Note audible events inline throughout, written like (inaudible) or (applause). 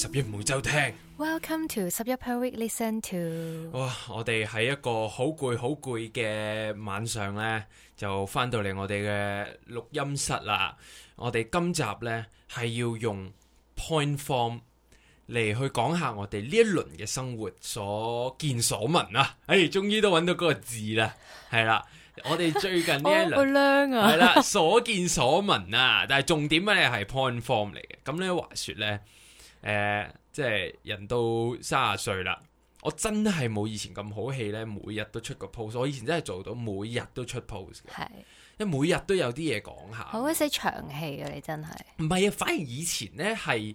十一每周聽，Welcome to 十一 per week listen to。哇，我哋喺一個好攰好攰嘅晚上咧，就翻到嚟我哋嘅錄音室啦。我哋今集咧係要用 point form 嚟去講下我哋呢一輪嘅生活所見所聞啊！哎，終於都揾到嗰個字啦，係啦。我哋最近呢一輪係啦所見所聞啊，但係重點咧係 point form 嚟嘅。咁咧，話說咧。誒、呃，即係人到卅歲啦，我真係冇以前咁好氣咧，每日都出個 post。我以前真係做到每日都出 post 嘅，一是每日都有啲嘢講下。好鬼死長氣啊！你真係唔係啊，反而以前咧係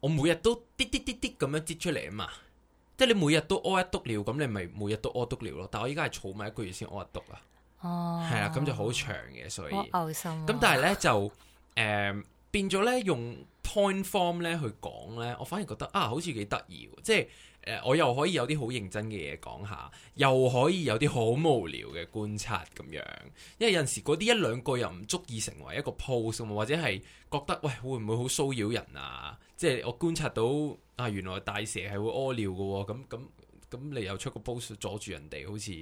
我每日都滴滴滴滴咁樣接出嚟啊嘛，即係你每日都屙一督尿，咁你咪每日都屙督尿咯。但我而家係儲埋一個月先屙一督、哦、啊，係啦，咁就好長嘅，所以，咁、啊、但係咧就誒、呃、變咗咧用。用 point form 咧去講咧，我反而覺得啊，好似幾得意，即係誒、呃，我又可以有啲好認真嘅嘢講下，又可以有啲好無聊嘅觀察咁樣。因為有陣時嗰啲一兩句又唔足以成為一個 post 或者係覺得喂，會唔會好騷擾人啊？即係我觀察到啊，原來大蛇係會屙尿嘅，咁咁咁，你又出個 post 阻住人哋，好似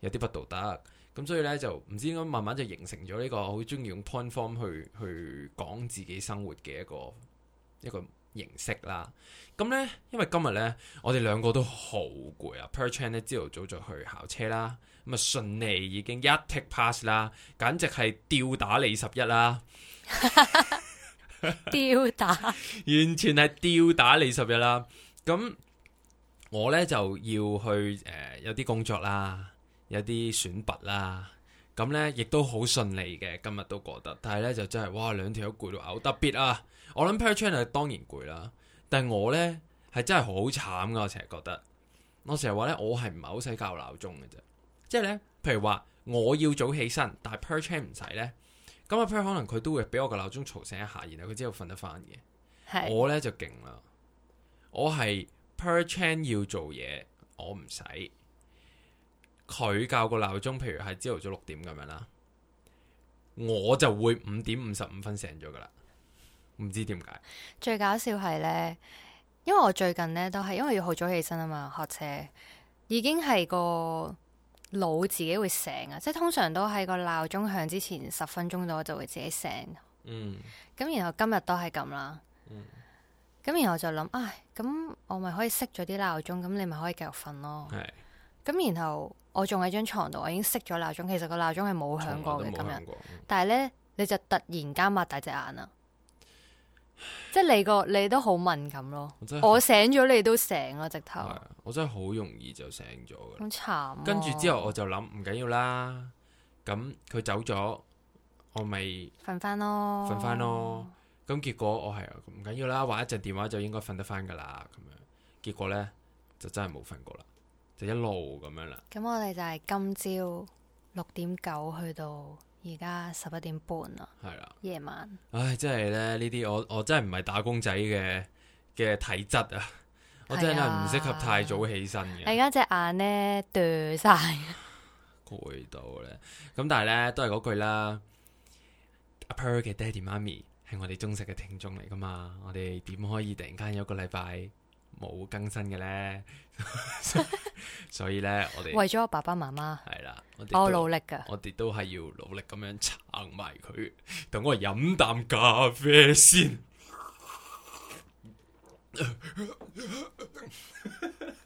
有啲不道德。咁所以咧就唔知點解慢慢就形成咗呢、呢個好中意用 point form 去去講自己生活嘅一個。一個形式啦，咁呢，因為今日呢，我哋兩個都好攰啊。Per Chan e 呢，朝頭早就去考車啦，咁啊順利已經一 take pass 啦，簡直係吊打你拾壹啦，吊打，完全係吊打你拾壹啦。咁我呢，就要去誒、呃，有啲工作啦，有啲選拔啦，咁呢，亦都好順利嘅，今日都覺得，但係呢，就真係，哇，兩條友都攰到嘔得 B 啊！我諗 Perchan 係當然攰啦，但係我呢係真係好慘噶，我成日覺得，我成日話呢，我係唔係好使教鬧鐘嘅啫，即係呢，譬如話我要早起身，但係 Perchan 唔使呢。咁阿 Per 可能佢都會俾我個鬧鐘嘈醒一下，然後佢之後瞓得翻嘅。是，我呢就勁啦，我係 Perchan 要做嘢，我唔使，佢教個鬧鐘，譬如係朝頭早六點咁樣啦，我就會五點五十五分醒咗噶啦。唔知點解，最搞笑係呢，因為我最近呢，都係因為要好早起身啊嘛，學車已經係個腦自己會醒啊，即係通常都喺個鬧鐘響之前十分鐘度我就會自己醒。嗯，咁然後今日都係咁啦。嗯，咁然後就諗，唉，咁我咪可以熄咗啲鬧鐘，咁你咪可以繼續瞓咯。係是，咁然後我仲喺張床度，我已經熄咗鬧鐘，其實個鬧鐘係冇響過嘅，今日，嗯、但係呢，你就突然間擘大隻眼啦。即係你個，你都好敏感咯，我，我醒咗你都醒咯，直頭。我真係好容易就醒咗嘅。好慘、啊。跟住之後我就諗，唔緊要啦，咁佢走咗，我咪瞓翻咯，瞓翻咯。咁、嗯、結果我係啊、唔緊要啦，玩一陣電話就應該瞓得翻噶啦。咁樣，結果呢，就真係冇瞓過啦，就一路咁樣啦。咁、嗯、我哋就係今朝六點九去到。而家十一點半啦，啊、夜晚。唉、哎，真係咧呢啲，我我真係唔係打工仔嘅嘅體質啊！啊 (laughs) 我真係唔適合太早起身嘅。而家隻眼咧，對晒，攰 (laughs) 到咧。咁、嗯、但係咧，都係嗰句啦。阿 Per 嘅 daddy、mummy 係我哋忠實嘅聽眾嚟噶嘛？我哋點可以突然間有個禮拜？冇更新嘅咧， (laughs) 所以咧 (laughs) 我哋們為咗我爸爸媽媽係啦，我，我努力噶，我哋都係要努力咁樣撐埋佢。等我飲啖咖啡先。 (laughs) (laughs)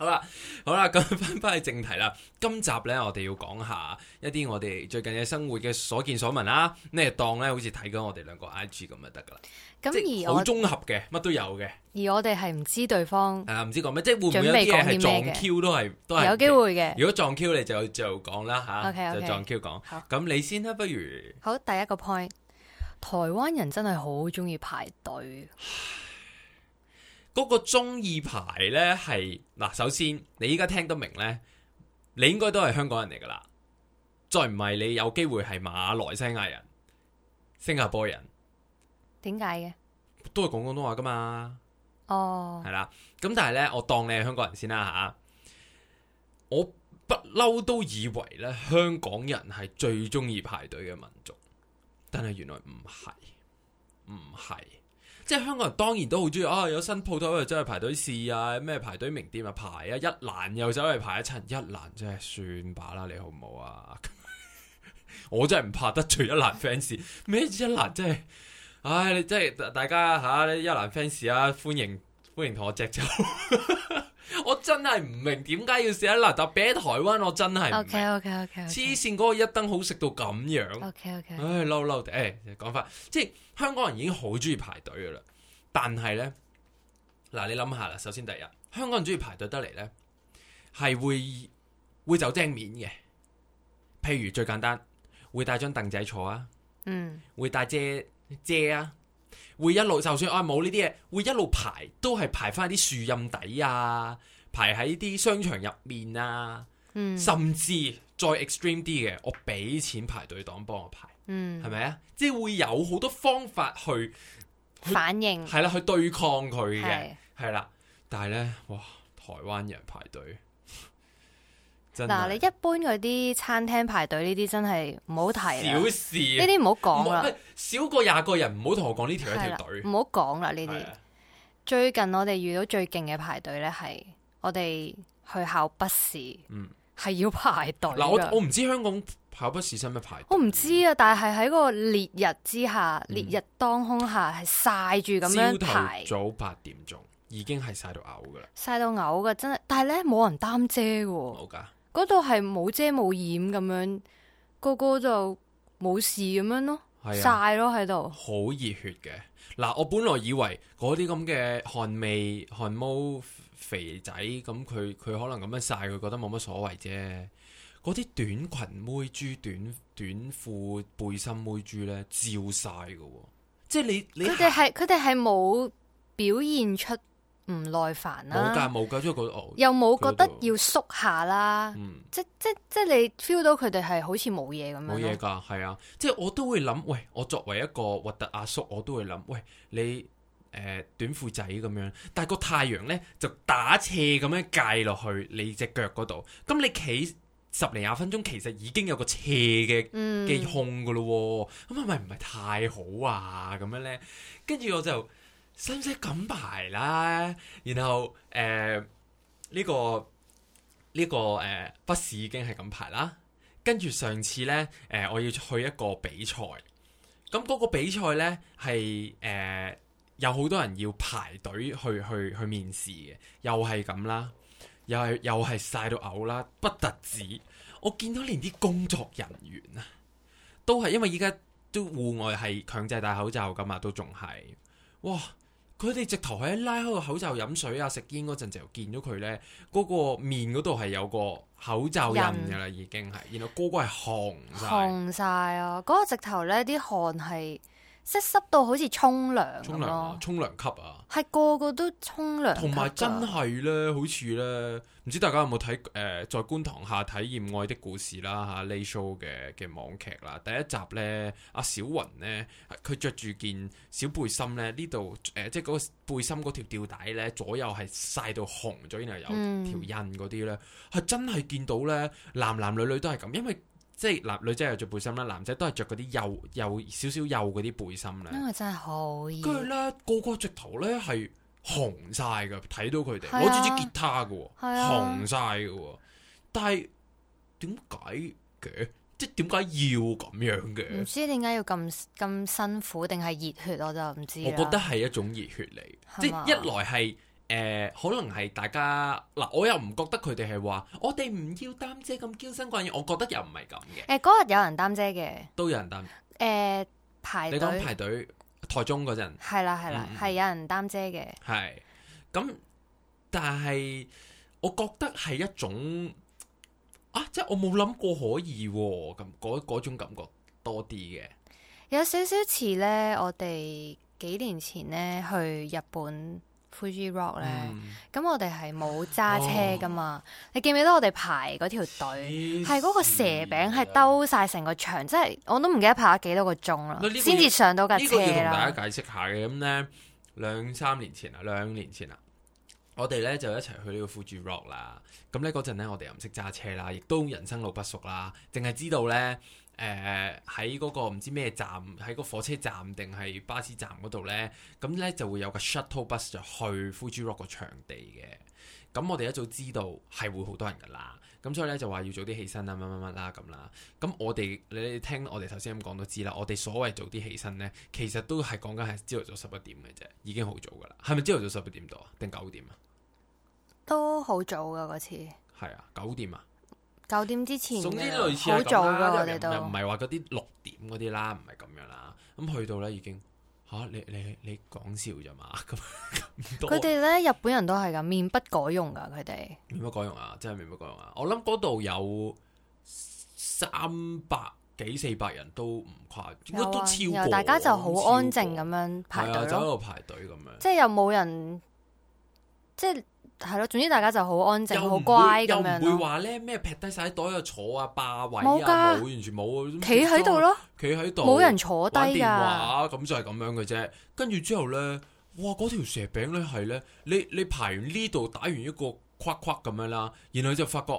好啦，好啦，咁翻翻去正題啦。今集咧，我哋要講下一啲我哋最近嘅生活嘅所見所聞啦。咁誒，當咧好似睇緊我哋兩個 I G 咁就得噶啦。咁、嗯、而好綜合嘅，乜都有嘅。而我哋係唔知對方唔、啊、知講咩，即係會唔會一啲嘢係撞,撞 Q 都係都係有機會嘅。如果撞 Q，你就就講啦吓，就,、啊、okay, okay. 就撞 Q 講。咁好你先啦，不如好第一個 point，台灣人真係好中意排隊。嗰個中意排呢係嗱，首先你依家聽得明呢，你應該都係香港人嚟噶啦，再唔係你有機會係馬來西亞人、新加坡人，點解嘅？都係講廣東話噶嘛。哦，oh，係啦。咁但係呢，我當你係香港人先啦吓。我不嬲都以為呢，香港人係最中意排隊嘅民族，但係原來唔係，唔係。即係香港人，當然都好中意啊！有新鋪頭就走去排隊試啊，咩排隊名店啊排啊，一蘭又走去排一層，一蘭真係算罷啦，你好唔好啊？ (laughs) 我真係唔怕得罪一蘭 fans，咩一蘭真係，唉、哎，你即係大家吓、啊、一蘭 fans 啊，歡迎歡迎同我隻走。 (laughs) 我真係唔明點解要試啊！嗱，但喺台灣我真係黐線嗰個一蘭好食到咁樣，okay, okay. 唉嬲嬲地！講翻，即係香港人已經好中意排隊嘅啦，但係咧嗱，你諗下啦，首先第一，香港人中意排隊得嚟咧，係會會走正面嘅，譬如最簡單會帶張凳仔坐啊，嗯，會帶隻遮。嗯會一路就算我冇呢啲嘢，會一路排，都係排翻啲樹蔭底啊，排喺啲商場入面啊，嗯、甚至再 extreme 啲嘅，我俾錢排隊黨幫我排，嗯，係咪啊？即係會有好多方法去，去反應，係啦，去對抗佢嘅，係，係啦。但係呢，哇，台灣人排隊。嗱，你一般嗰啲餐廳排隊呢啲真係唔好提啦！小事呢啲唔好講啦，少過廿個人唔好同我講呢條一條隊，唔好講啦呢啲。了最近我哋遇到最勁嘅排隊呢係我哋去考筆試，嗯，係要排隊。嗱、嗯，我我唔知香港考筆試使咩排隊，我唔知啊，但係喺個烈日之下，嗯、烈日當空下係曬住咁樣排。早八點鐘已經係曬到嘔噶啦，曬到嘔噶真係，但係呢，冇人擔遮噶。嗰度係冇遮冇掩咁樣，個個就冇事咁樣咯，係啊，晒咯喺度。好熱血嘅，嗱、啊，我本來以為嗰啲咁嘅汗味，汗毛肥仔，咁佢佢可能咁樣晒，佢覺得冇乜所謂啫。嗰啲短裙妹豬，豬短短褲、背心妹、豬咧，照晒噶，即係你你佢哋係佢哋係冇表現出。唔耐煩啦、啊，冇噶冇噶，因為覺得、哦、又冇覺得要縮下啦、嗯，即即即你 feel 到佢哋係好似冇嘢咁樣，冇嘢噶係啊，即我都會諗，喂，我作為一個核突阿叔，我都會諗，喂，你誒、呃、短褲仔咁樣，但個太陽咧就打斜咁樣界落去你隻腳嗰度，咁你企十零廿分鐘，其實已經有個斜嘅嘅控噶咯，咁係咪唔係太好啊？咁樣咧，跟住我就。使唔使咁排啦？然後誒呢、呃這個呢、這個誒巴士，呃、已經係咁排啦？跟住上次呢，誒、呃、我要去一個比賽，咁、嗯、嗰、那個比賽呢，係誒、呃、有好多人要排隊去去去面試嘅，又係咁啦，又係又係晒到嘔啦，不得止，我見到連啲工作人員啊都係因為依家都戶外係強制戴口罩㗎嘛，都仲係哇。佢哋直頭係一拉開個口罩飲水啊、食煙嗰陣就見到佢咧，嗰、嗰個面嗰度係有個口罩印嘅啦，已經係，然後個個係紅晒，紅晒啊！嗰、嗰個直頭咧啲汗係～即係濕到好似沖涼咯，沖涼啊，沖涼級啊！係個個都沖涼，同埋真係咧，好似咧，唔知大家有冇睇誒？在觀塘下體驗愛的故事啦吓，呢 show 嘅嘅網劇啦，第一集咧，阿小雲咧，佢着住件小背心咧，呢度誒，即係嗰個背心嗰條吊帶咧，左右係曬到紅咗，然後有條印嗰啲咧，係、嗯、真係見到咧，男男女女都係咁，因為。即係男女仔又着背心啦，男仔都係着嗰啲幼幼少少幼嗰啲背心啦。因為真係好熱。跟住咧，個個着袍咧係紅晒噶，睇到佢哋攞住支吉他噶，啊、紅晒噶。但係點解嘅？即係點解要咁樣嘅？唔知點解要咁咁辛苦，定係熱血我就唔知。我覺得係一種熱血嚟，嗎即係一來係。誒、呃，可能係大家嗱、呃，我又唔覺得佢哋係話我哋唔要擔遮咁嬌生慣養，我覺得又唔係咁嘅。誒、呃，嗰日有人擔遮嘅，都有人擔。誒、呃，排隊，你講排隊台中嗰陣，係啦係啦，係、嗯、有人擔遮嘅。係咁，但係我覺得係一種啊，即係我冇諗過可以咁嗰嗰種感覺多啲嘅。有少少似咧，我哋幾年前咧去日本。富 G Rock 咧、嗯，咁我哋係冇揸車噶嘛？哦、你記唔記得我哋排嗰條隊，係嗰個蛇餅係兜晒成個場，啊、即係我都唔記得排咗幾多個鐘啦，先至上到架車啦。呢個要同大家解釋下嘅，咁咧兩三年前啊，兩年前啊，我哋咧就一齊去個呢個富 G Rock 啦。咁咧嗰陣咧，我哋又唔識揸車啦，亦都人生路不熟啦，淨係知道咧。誒，喺嗰、呃、個唔知咩站，喺個火車站定係巴士站嗰度呢，咁呢就會有個 shuttle bus 就去 Fuji Rock 個場地嘅。咁我哋一早知道係會好多人噶啦，咁所以呢就話要早啲起身啦，乜乜乜啦咁啦。咁我哋你聽我哋頭先咁講都知啦，我哋所謂早啲起身呢，其實都係講緊係朝頭早十一點嘅啫，已經好早噶啦。係咪朝頭早十一點多定九點啊？都好早噶嗰次。係啊，九點啊。九點之前，總之類似好早噶我哋都，又唔係話嗰啲六點嗰啲啦，唔係咁樣啦。咁去到咧已經吓、啊，你你你講笑啫嘛？咁佢哋咧，日本人都係咁，面不改容噶，佢哋面不改容啊，真係面不改容啊！我諗嗰度有三百幾四百人都唔誇，應該都超過。啊、大家就好安靜咁樣排隊，就喺度排隊咁樣，即係又冇人，即係。係咯，總之大家就好安靜、好乖咁樣，又唔會話咧咩劈低晒袋又坐啊霸位啊，冇嘅，完全冇，企喺度咯，企喺度，冇人坐低啊，咁就係咁樣嘅啫。跟住之後咧，哇嗰條蛇餅咧係咧，你你排完呢度打完一個框框咁樣啦，然後就發覺，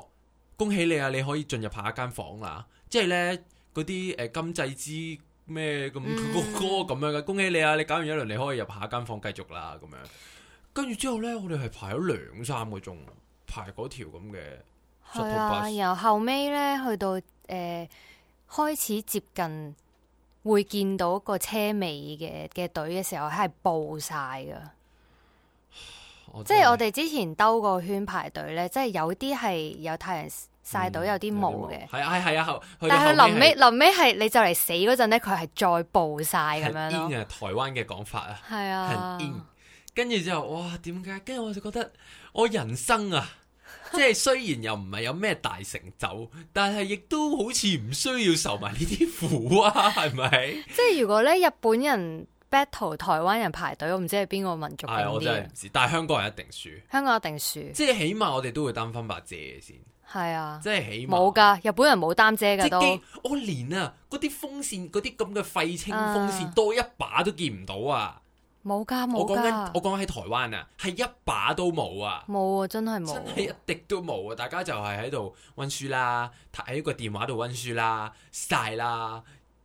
恭喜你啊，你可以進入下一間房啦，即係咧嗰啲誒金濟之咩咁佢個哥咁樣嘅，嗯、恭喜你啊，你搞完一輪你可以入下一間房繼續啦咁樣。跟住之後呢，我哋係排咗兩三個鐘，排嗰條咁嘅。係啊，然後尾呢，去到誒開始接近會見到個車尾嘅嘅隊嘅時候，係暴曬噶。即係我哋之前兜個圈排隊呢，即係有啲係有太陽曬到有啲霧嘅。係啊，係啊，但係臨尾臨尾係你就嚟死嗰陣呢，佢係再暴曬咁樣咯。台灣嘅講法啊，係啊。跟住之後，哇！點解？跟住我就覺得我人生啊，即係雖然又唔係有咩大成就， (laughs) 但係亦都好似唔需要受埋呢啲苦啊，係咪？ (laughs) 即係如果咧，日本人 battle 台灣人排隊，我唔知係邊個民族。係、哎，我真係唔知。但係香港人一定輸，香港一定輸。即係起碼我哋都會擔翻把遮先。係啊，即係起碼，冇噶，日本人冇擔遮噶都。我連啊，嗰啲風扇，嗰啲咁嘅廢青風扇，uh、多一把都見唔到啊！冇加冇我講緊我講緊喺台灣啊，係一把都冇啊，冇啊，真係冇、啊，係一滴都冇啊！大家就係喺度溫書啦，喺個電話度溫書啦，曬啦，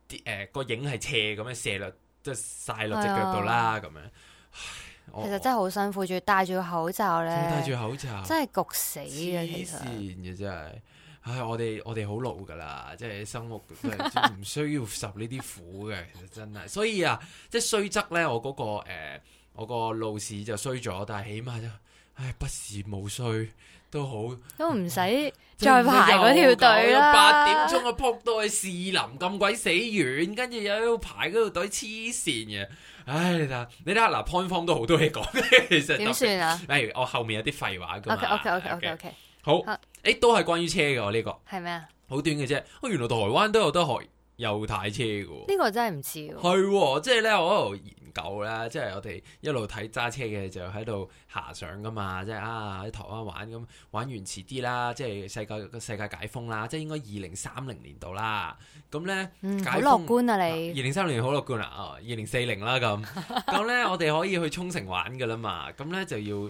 啲誒個影係斜咁樣射落，即係曬落隻腳度啦，咁、啊、樣。其實真係好辛苦，仲要戴住個口罩咧，戴住口罩真係焗死啊，其實。真唉，我哋我哋好老噶啦，即係生活唔需要受呢啲苦嘅， (laughs) 其實真係。所以啊，即係雖則咧，我嗰、那個誒、呃，我個路事就衰咗，但係起碼就唉不時無衰都好，都唔不使唉再排嗰條隊啦。八點鐘我撲到去士林咁鬼死遠，跟住又要排嗰條隊黐線嘅。唉，你睇下，你睇嗱、啊、point form 都好多嘢講。 (laughs) 其實點、就是、算啊？誒，我後面有啲廢話噶嘛 OK OK OK OK OK, okay, okay, okay. 好。好誒、欸，都係關於車噶，呢、這個係咩啊？好嗎短嘅啫，哦，原來台灣都有得學右軚車噶？呢個真係唔似喎。係、哦，即係咧，我喺度研究、就是就是啊、啦。即係我哋一路睇揸車嘅就喺度遐想噶嘛，即係啊，喺台灣玩咁玩完遲啲啦，即係世界個世界解封啦，即、就、係、是、應該二零三零年度啦，咁咧好樂觀啊！你二零三零年好樂觀啊？哦，二零四零啦咁，咁咧 (laughs) 我哋可以去沖繩玩噶啦嘛，咁咧就要。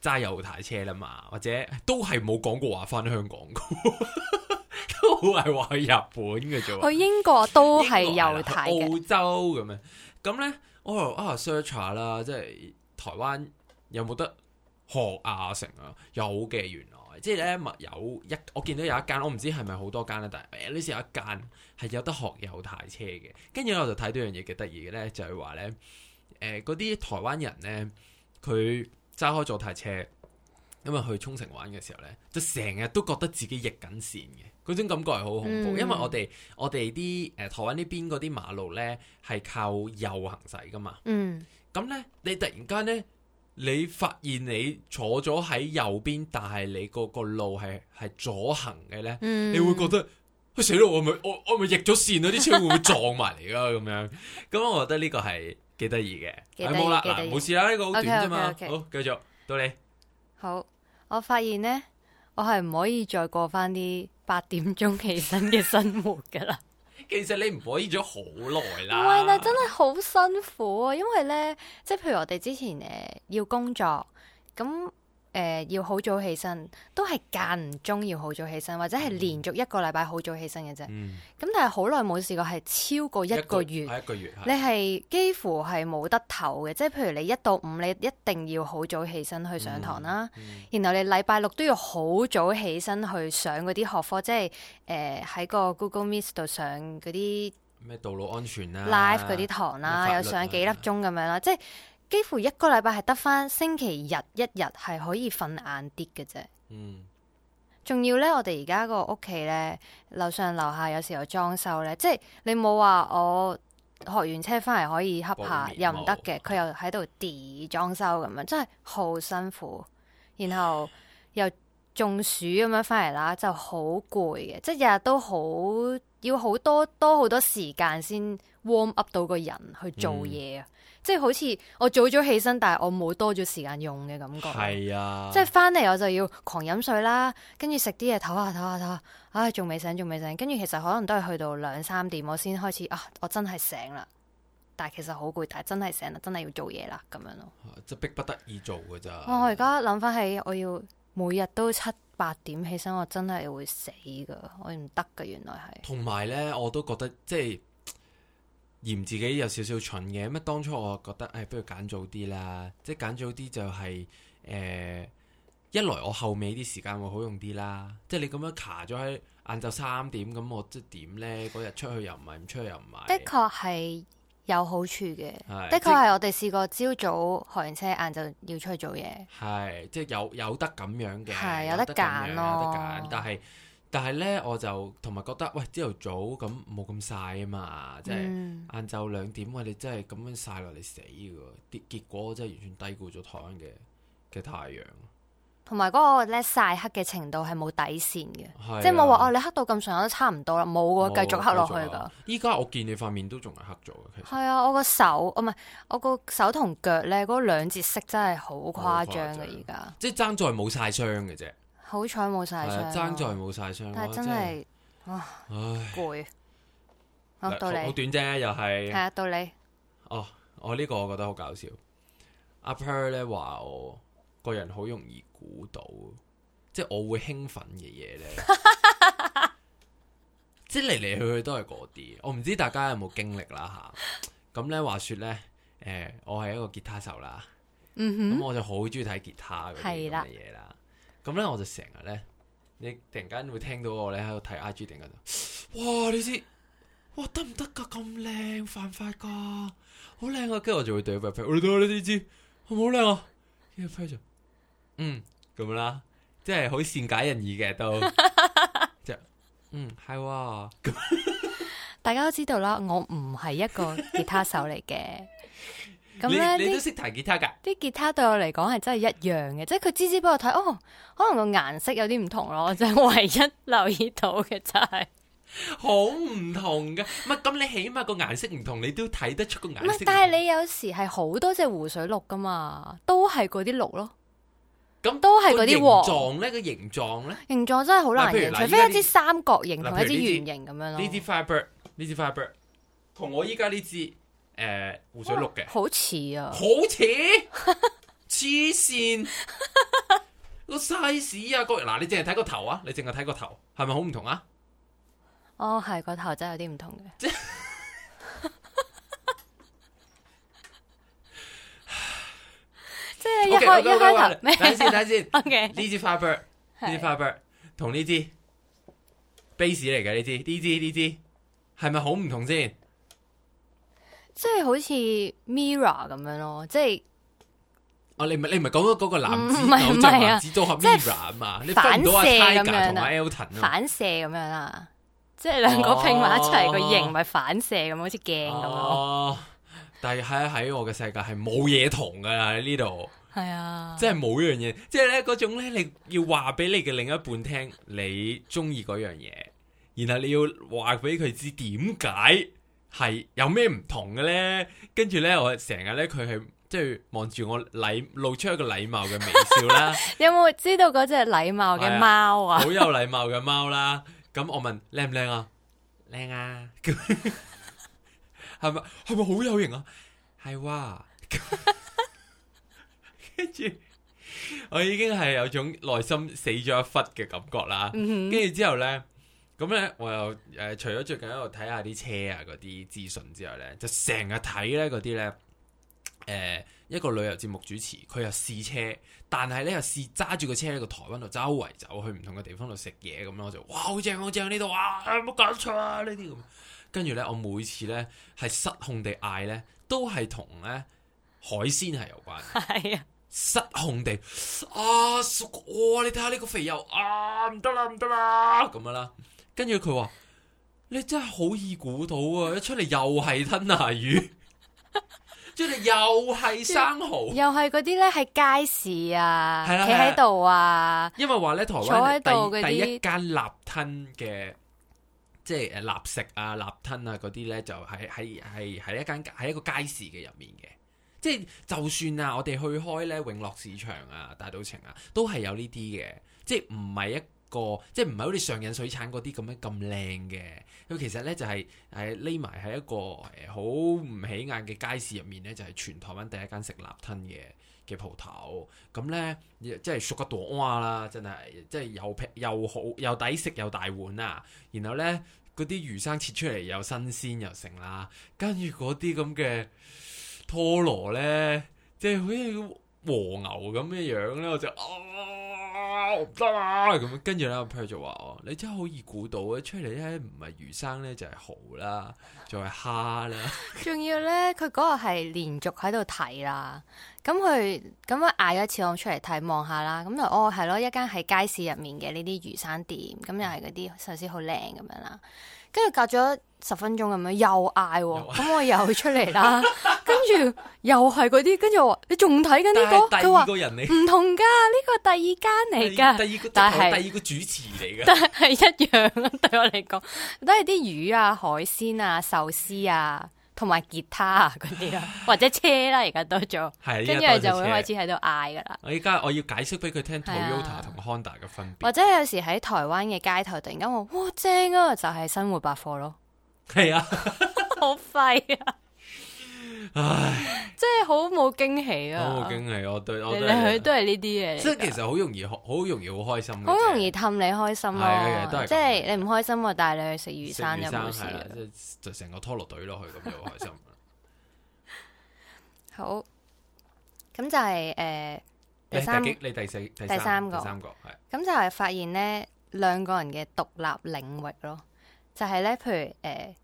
揸右軚車啦嘛，或者都係冇講過話翻香港嘅， (laughs) 都係話去日本嘅啫。去英國都係右軚，澳洲咁樣。咁咧，我啊 search 下啦，即係台灣有冇得學亞城啊？有嘅，原來即係咧，有一我見到有一間，我唔知係咪好多間咧，但係呢時有一間係有得學右軚車嘅。跟住我就睇到樣嘢幾得意嘅咧，就係話咧，誒嗰啲台灣人咧，佢。揸開咗台車，因為去沖繩玩嘅時候呢，就成日都覺得自己逆緊線嘅，嗰種感覺係好恐怖。嗯、因為我哋我哋啲誒台灣呢邊嗰啲馬路呢，係靠右行駛噶嘛，嗯，咁呢你突然間呢，你發現你坐咗喺右邊，但係你個路係係左行嘅呢，嗯、你會覺得，哎、嗯、死咯，我咪我我咪逆咗線啊！啲 (laughs) 車會唔會撞埋嚟噶？咁樣，咁我覺得呢個係。幾得意嘅，冇啦，嗱、啊，冇了事啦，呢、這個好短啫嘛，okay, okay, okay. 好，繼續到你。好，我發現咧，我係唔可以再過翻啲八點鐘起身嘅生活噶啦。 (laughs) 其實你唔可以咗好耐啦，唔係啦，真係好辛苦啊，因為咧，即係譬如我哋之前誒要工作咁。誒、呃，要好早起身，都係間唔中要好早起身，或者係連續一個禮拜好早起身嘅啫。咁、嗯、但係好耐冇試過係超過一個月，一個，一個月。你係幾乎係冇得唞嘅，即係譬如你一到五你一定要好早起身去上堂啦，嗯嗯、然後你禮拜六都要好早起身去上嗰啲學科，即係誒喺、呃、個 Google Meet 度上嗰啲咩道路安全啦、啊、live 嗰啲堂啦、啊、又上幾粒鐘咁樣啦，啊、即係。幾乎一個禮拜係得翻，星期日一日係可以瞓晏啲嘅啫。嗯，仲要咧，我哋而家個屋企咧，樓上樓下有時候裝修咧，即係你冇話我學完車翻嚟可以恰下又唔得嘅，佢又喺度地裝修咁樣，真係好辛苦。然後又中暑咁樣翻嚟啦，就好攰嘅，即係日日都好要好多多好多時間先 warm up 到個人去做嘢啊。嗯即係好似我早早起身，但係我冇多咗時間用嘅感覺。係啊，即係翻嚟我就要狂飲水啦，跟住食啲嘢唞下唞下唞下，唉，仲未醒，仲未醒。跟住其實可能都係去到兩三點，我先開始啊，我真係醒啦！但係其實好攰，但係真係醒啦，真係要做嘢啦，咁樣咯。即係迫不得已做噶咋？我而家諗翻起，我要每日都七八點起身，我真係會死噶，我唔得噶。原來係。同埋咧，我都覺得即係。嫌自己有少少蠢嘅，咁啊，當初我覺得誒、哎，不如揀早啲啦，即係揀早啲就係、是、誒、呃，一來我後尾啲時間會好用啲啦，即係你咁樣卡咗喺晏晝三點，咁我即係點咧？嗰日出去又唔係，唔出去又唔係。的確係有好處嘅，是的確係我哋試過朝早學完車，晏晝要出去做嘢，係即係有有得咁樣嘅，係是有得揀咯，有得揀，但係。但係咧，我就同埋覺得，喂，朝頭早咁冇咁曬啊嘛，嗯、即係晏晝兩點，我哋真係咁樣曬落嚟死嘅喎。結果真係完全低估咗台灣嘅嘅太陽，同埋嗰個咧曬黑嘅程度係冇底線嘅，啊、即係冇話哦，你黑到咁上下都差唔多啦，冇嘅繼續黑落去噶。依家我見你塊面都仲係黑咗嘅，其實係啊，我，手我手、嗰個手唔係我個手同腳咧，嗰兩節色真係好誇張嘅而家。在即係爭在冇曬傷嘅啫。好彩冇晒傷，爭在冇晒傷，但真係哇，攰唉。好短啫，又係係啊，到你，哦。哦，我呢個我覺得好搞笑。阿 (music) Per 咧話我個人好容易估到， (music) 即係我會興奮嘅嘢咧， (laughs) 即係嚟嚟去去都係嗰啲。我唔知大家有冇經歷啦吓？咁咧 (laughs) 話說咧，誒、呃，我係一個吉他手啦，咁、嗯、哼我就好中意睇吉他嘅嘢啦。 (laughs) 咁咧我就成日咧，你突然間會聽到我咧喺度睇 I G，突然間就，哇你知，哇得唔得噶咁靚，犯法噶，好靚啊！跟住我就會懟佢，我哋你知知，好唔好靚啊？跟住拍咗，嗯咁樣啦，即係好善解人意嘅都， (laughs) 就嗯係哇，啊、 (laughs) 大家都知道啦，我唔係一個吉他手嚟嘅。咁咧，你都識彈吉他噶。啲吉他對我嚟講係真係一樣嘅，即係佢支支幫我睇，哦，可能個顏色有啲唔同咯。即係我唯一留意到嘅，就係好唔同嘅。唔係咁，你起碼個顏色唔同，你都睇得出個顏色。但係你有時係好多隻湖水綠噶嘛，都係嗰啲綠咯。咁都係嗰啲黃。形狀咧，個形狀咧，形狀真係好難形容。除非一支三角形，同一支圓形咁樣咯。呢支 fiber 呢支 fiber 同我依家呢支。誒，湖水綠嘅，好似啊，好似，黐線，個 size 啊，嗱，你淨係睇個頭啊，你淨係睇個頭，係咪好唔同啊？哦，係個頭真係有啲唔同嘅，即係一開一開頭，睇先睇先，呢支花 a 呢支花 a 同呢支 base 嚟嘅，呢支，呢支呢支，係咪好唔同先？即係好似 mirror 咁樣咯，即係哦、啊，你唔係你唔係講咗嗰個男子同個男子組合 mirror 啊嘛，你反射咁樣啦，同埋 Elton 反射咁樣啦，即係兩個拼埋一齊個、啊、形咪反射咁，好似鏡咁咯、啊啊。但係喺喺我嘅世界係冇嘢同噶喺呢度，係啊，即係冇樣嘢，即係咧嗰種咧，你要話俾你嘅另一半聽你中意嗰樣嘢，然後你要話俾佢知點解。係有咩唔同嘅咧？跟住咧，我成日咧，佢係即係望住我禮露出一個禮貌嘅微笑啦。 (laughs) 有冇知道嗰隻禮貌嘅貓啊？好、啊、 (laughs) 有禮貌嘅貓啦。咁我問靚唔靚啊？靚啊！係咪係咪好有型啊？係哇、啊。跟 (laughs) 住， (laughs) 我已經係有種內心死咗一忽嘅感覺啦。跟住、嗯、哼之後咧。咁咧，我又誒、呃、除咗最近喺度睇下啲車啊嗰啲資訊之外咧，就成日睇咧嗰啲咧誒一個旅遊節目主持，佢又試車，但係咧又試揸住個車喺個台灣度周圍走，去唔同嘅地方度食嘢。咁我就哇好正好正呢度啊，有冇、啊、搞錯啊呢啲咁，跟住咧我每次咧係失控地嗌咧，都係同咧海鮮係有關嘅， (laughs) 啊，失控地啊哇，你睇下呢個肥油啊，唔得啦唔得啦咁樣啦～跟住佢話：你真係好易估到啊！一出嚟又係吞拿魚，即係 (laughs) 又係生蚝，又係嗰啲咧，喺街市啊，企喺度啊。啊啊啊因為話咧，台灣第第一間立吞嘅，即係誒，立食啊，立吞啊呢，嗰啲咧就喺喺係喺一間喺一個街市嘅入面嘅。即係就算啊，我哋去開咧永樂市場啊、大稻埕啊，都係有呢啲嘅。即係唔係一。個即係唔係好似上癮水產嗰啲咁樣咁靚嘅。咁其實呢，就係係匿埋喺一個誒好唔起眼嘅街市入面呢就係、是、全台灣第一間食臘吞嘅嘅鋪頭。咁呢、嗯嗯，即係熟個黨啦，真係即係又平又好又抵食又大碗啊！然後呢，嗰啲魚生切出嚟又新鮮又成啦，跟住嗰啲咁嘅拖羅呢，即係好似和牛咁嘅樣呢，我就、啊唔得啊！咁、啊、跟住咧， (noise) 我朋友就話我： (noise) 你真係好易估到啊！出嚟咧唔係魚生咧，就係蠔啦，就係蝦啦。仲要咧，佢嗰個係連續喺度睇啦。咁佢咁樣嗌一次，我出嚟睇望下啦。咁就哦係咯，一間喺街市入面嘅呢啲魚生店，咁、嗯、又係嗰啲壽司好靚咁樣啦。跟住隔咗十分鐘咁樣又嗌，咁又我又出嚟啦。跟住 (laughs) 又係嗰啲，跟住我話，你仲睇緊呢個。佢話個人你唔同噶，呢個第二間嚟噶，但係第二個、這個、第二個主持嚟噶，但係一樣，對我嚟講，都係啲魚啊、海鮮啊、壽司啊。同埋吉他啊嗰啲啊，或者車啦，而家都做，跟住 (laughs) 就會開始喺度嗌噶啦。 (laughs) 我依家我要解釋俾佢聽 Toyota 同 (laughs) Honda 嘅分別，或者有時喺台灣嘅街頭突然間我話，哇正啊，就係生活百貨咯，係啊，好廢啊！唉，即係好冇驚喜啊！好冇驚喜，我對我嚟嚟去去都係呢啲嘢。即係其實好容易，好容易，好開心，好容易氹你開心啊！對對對即係你唔開心、啊，我帶你去食魚生有冇事、啊，就成、是、個拖落隊落去咁好 (laughs) 開心、啊。好，咁就係誒，第三，你第四，第三個,個，第三個係。咁就係發現呢兩個人嘅獨立領域咯，就係、是、呢，譬如誒。呃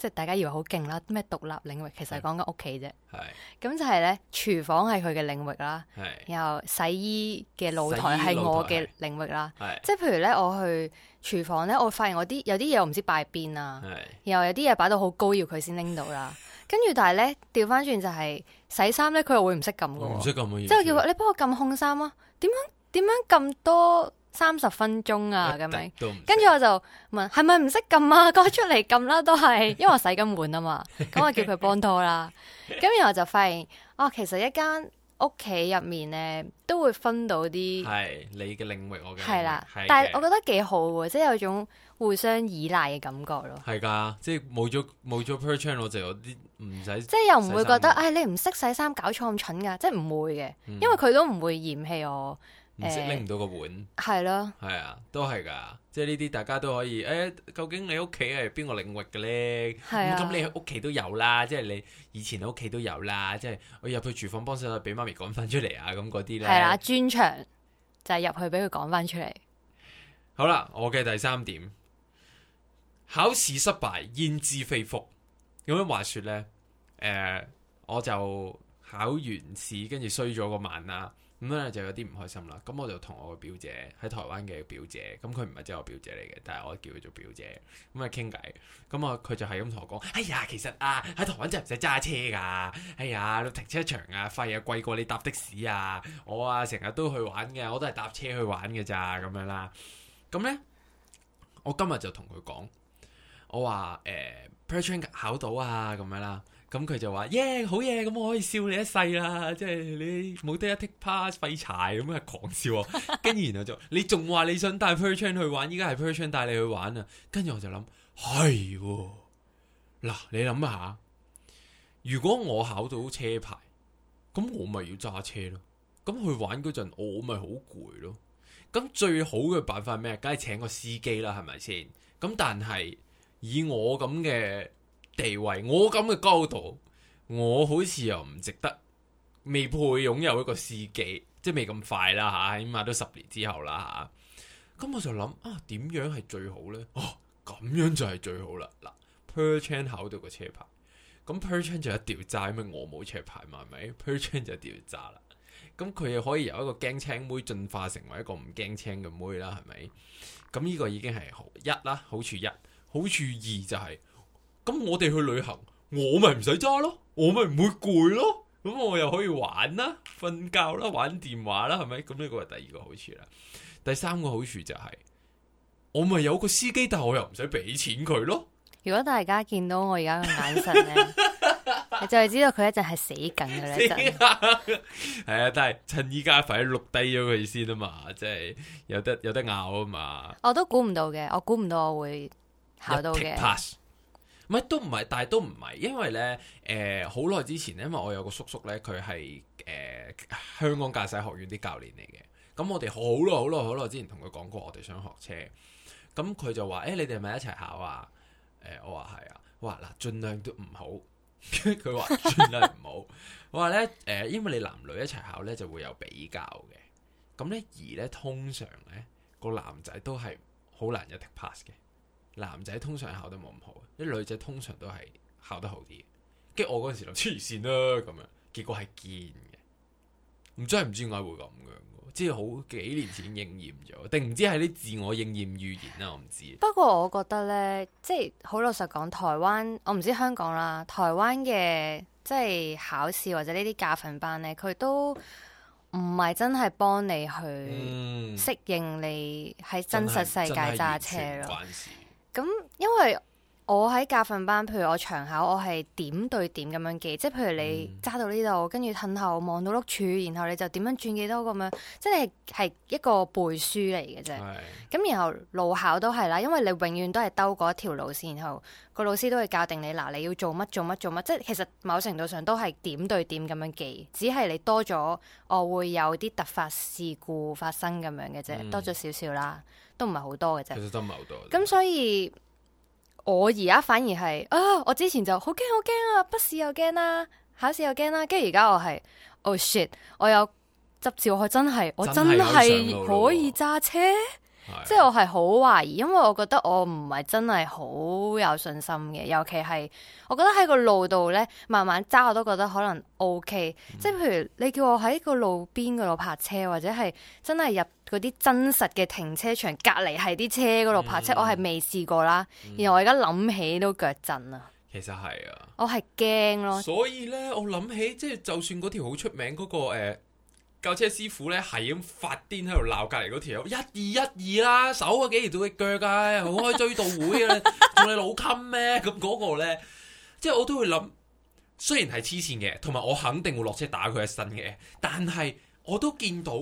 即係大家以為好勁啦，咩獨立領域其實講緊屋企啫。係的，咁就係咧，廚房係佢嘅領域啦。係的，然後洗衣嘅露台係我嘅領域啦。係，的即係譬如咧，我去廚房咧，我發現我啲有啲嘢我唔知擺邊啊。的然後有啲嘢擺到好高要佢先拎到啦。跟住的，但係咧調翻轉就係、是、洗衫咧，佢又會唔識撳㗎。唔識撳即係叫我 (laughs) 你幫我撳烘衫啊？點樣點樣咁多？三十分鐘啊，咁、嗯、樣，跟住我就問，係咪唔識撳啊？哥出嚟撳啦，都係，因為我洗緊碗啊嘛，咁 (laughs) 我叫佢幫拖啦。咁 (laughs) 然後我就發現哦，其實一間屋企入面咧都會分到啲係你嘅領域，我嘅係啦。的但係我覺得幾好嘅，即、就、係、是、有種互相依賴嘅感覺咯。係噶，即係冇咗冇咗 per channel 就有啲唔使，即係又唔會覺得唉，你唔識洗衫搞錯咁蠢噶，即係唔會嘅，因為佢都唔會嫌棄我。嗯唔識拎唔到個碗，係咯的，係啊，都係噶，即係呢啲大家都可以。誒、欸，究竟你屋企係邊個領域嘅咧？咁的你屋企都有啦，即係你以前喺屋企都有啦，即係我入去廚房幫手俾媽咪趕翻出嚟啊，咁嗰啲咧。係啦，專長就係、是、入去俾佢趕翻出嚟。好啦，我嘅第三點，考試失敗，焉知非福。咁樣話說咧，誒、呃，我就考完試，跟住衰咗個晚啦。咁咧就有啲唔開心啦，咁我就同我個表姐喺台灣嘅表姐，咁佢唔係即係我表姐嚟嘅，但係我叫佢做表姐，咁啊傾偈，咁啊佢就係咁同我講，哎呀，其實啊喺台灣真係唔使揸車噶，哎呀，停車場啊費啊貴過你搭的士啊，我啊成日都去玩嘅，我都係搭車去玩嘅咋，咁樣啦，咁呢，我今日就同佢講，我話誒 Pertrain 考到啊，咁樣啦。咁佢就話耶，好嘢，咁、yeah, 我可以笑你一世啦，即係你冇得一 take pass，廢柴咁啊狂笑，啊。跟住然後就你仲話你想帶 Perchan 去玩，依家係 Perchan 帶你去玩啊，跟住我就諗係喎，嗱 (laughs) 你諗下，如果我考到車牌，咁我咪要揸車咯，咁去玩嗰陣我咪好攰咯，咁最好嘅辦法係咩？梗係請個司機啦，係咪先？咁但係以我咁嘅。地位，我咁嘅高度，我好似又唔值得，未配擁有一個司機，即係未咁快啦吓，起碼都十年之後啦吓。咁、啊、我就諗啊，點樣係最好呢？哦、啊，咁樣就係最好啦。嗱，Per Chan 考到個車牌，咁 Per Chan 就一掉渣咩？因為我冇車牌嘛，係咪？Per Chan 就掉渣啦。咁佢又可以由一個驚青妹進化成為一個唔驚青嘅妹啦，係咪？咁呢個已經係好一啦，好處一，好處二就係、是。咁我哋去旅行，我咪唔使揸咯，我咪唔會攰咯。咁我又可以玩啦、瞓覺啦、玩電話啦，係咪？咁呢個係第二個好處啦。第三個好處就係、是，我咪有個司機，但係我又唔使俾錢佢咯。如果大家見到我而家嘅眼神咧， (laughs) 你就係知道佢一陣係死緊嘅咧。係啊，但係趁依家快啲錄低咗佢先啊嘛，即係有得有得咬啊嘛。我都估唔到嘅，我估唔到我會考到嘅。 (laughs) 乜都唔係，但係都唔係，因為呢，誒好耐之前咧，因為我有個叔叔呢，佢係誒香港駕駛學院啲教練嚟嘅。咁我哋好耐好耐好耐之前同佢講過，我哋想學車。咁佢就話：誒、欸、你哋係咪一齊考啊？呃、我話係啊。我話嗱，儘量都唔好。佢 (laughs) 話：儘量唔好。我話 (laughs) 呢，誒、呃、因為你男女一齊考呢，就會有比較嘅。咁呢，而呢，通常呢，個男仔都係好難一踢 pass 嘅。男仔通常考得冇咁好，啲女仔通常都係考得好啲。跟住我嗰陣時諗，黐線啦咁樣，結果係堅嘅。唔知係，唔知點解會咁樣，即係好幾年前應驗咗，定唔知係啲自我應驗預言啦？我唔知。不過我覺得呢，即係好老實講，台灣我唔知香港啦，台灣嘅即係考試或者呢啲教訓班呢，佢都唔係真係幫你去適應你喺真實世界揸車咯。嗯。咁，因為。我喺教訓班，譬如我場考，我係點對點咁樣記，即係譬如你揸到呢度，嗯、跟住褪後望到碌柱，然後你就點樣轉幾多個咁樣，即係係一個背書嚟嘅啫。咁、哎、然後路考都係啦，因為你永遠都係兜過一條路線，然後個老師都會教定你嗱，你要做乜做乜做乜，即係其實某程度上都係點對點咁樣記，只係你多咗我會有啲突發事故發生咁樣嘅啫，嗯、多咗少少啦，都唔係好多嘅啫。其實都唔係好多。咁、嗯、所以。我而家反而係啊！我之前就好驚好驚啊，筆試又驚啦，考試又驚啦，跟住而家我係 oh shit！我有執照我真係，我真係可以揸車。即係我係好懷疑，因為我覺得我唔係真係好有信心嘅，尤其係我覺得喺個路度呢，慢慢揸我都覺得可能 OK、嗯。即係譬如你叫我喺個路邊嗰度泊車，或者係真係入嗰啲真實嘅停車場隔離係啲車嗰度泊車，嗯、我係未試過啦。嗯、然後我而家諗起都腳震啊。其實係啊，我係驚咯。所以呢，我諗起即係就算嗰條好出名嗰、嗰個、呃救車師傅咧，係咁發癲喺度鬧隔籬嗰條，一二一二啦，手啊幾而到隻腳啊，開追悼會啊，仲你，你老襟咩？咁嗰個咧，即係我都會諗，雖然係黐線嘅，同埋我肯定會落車打佢一身嘅。但係我都見到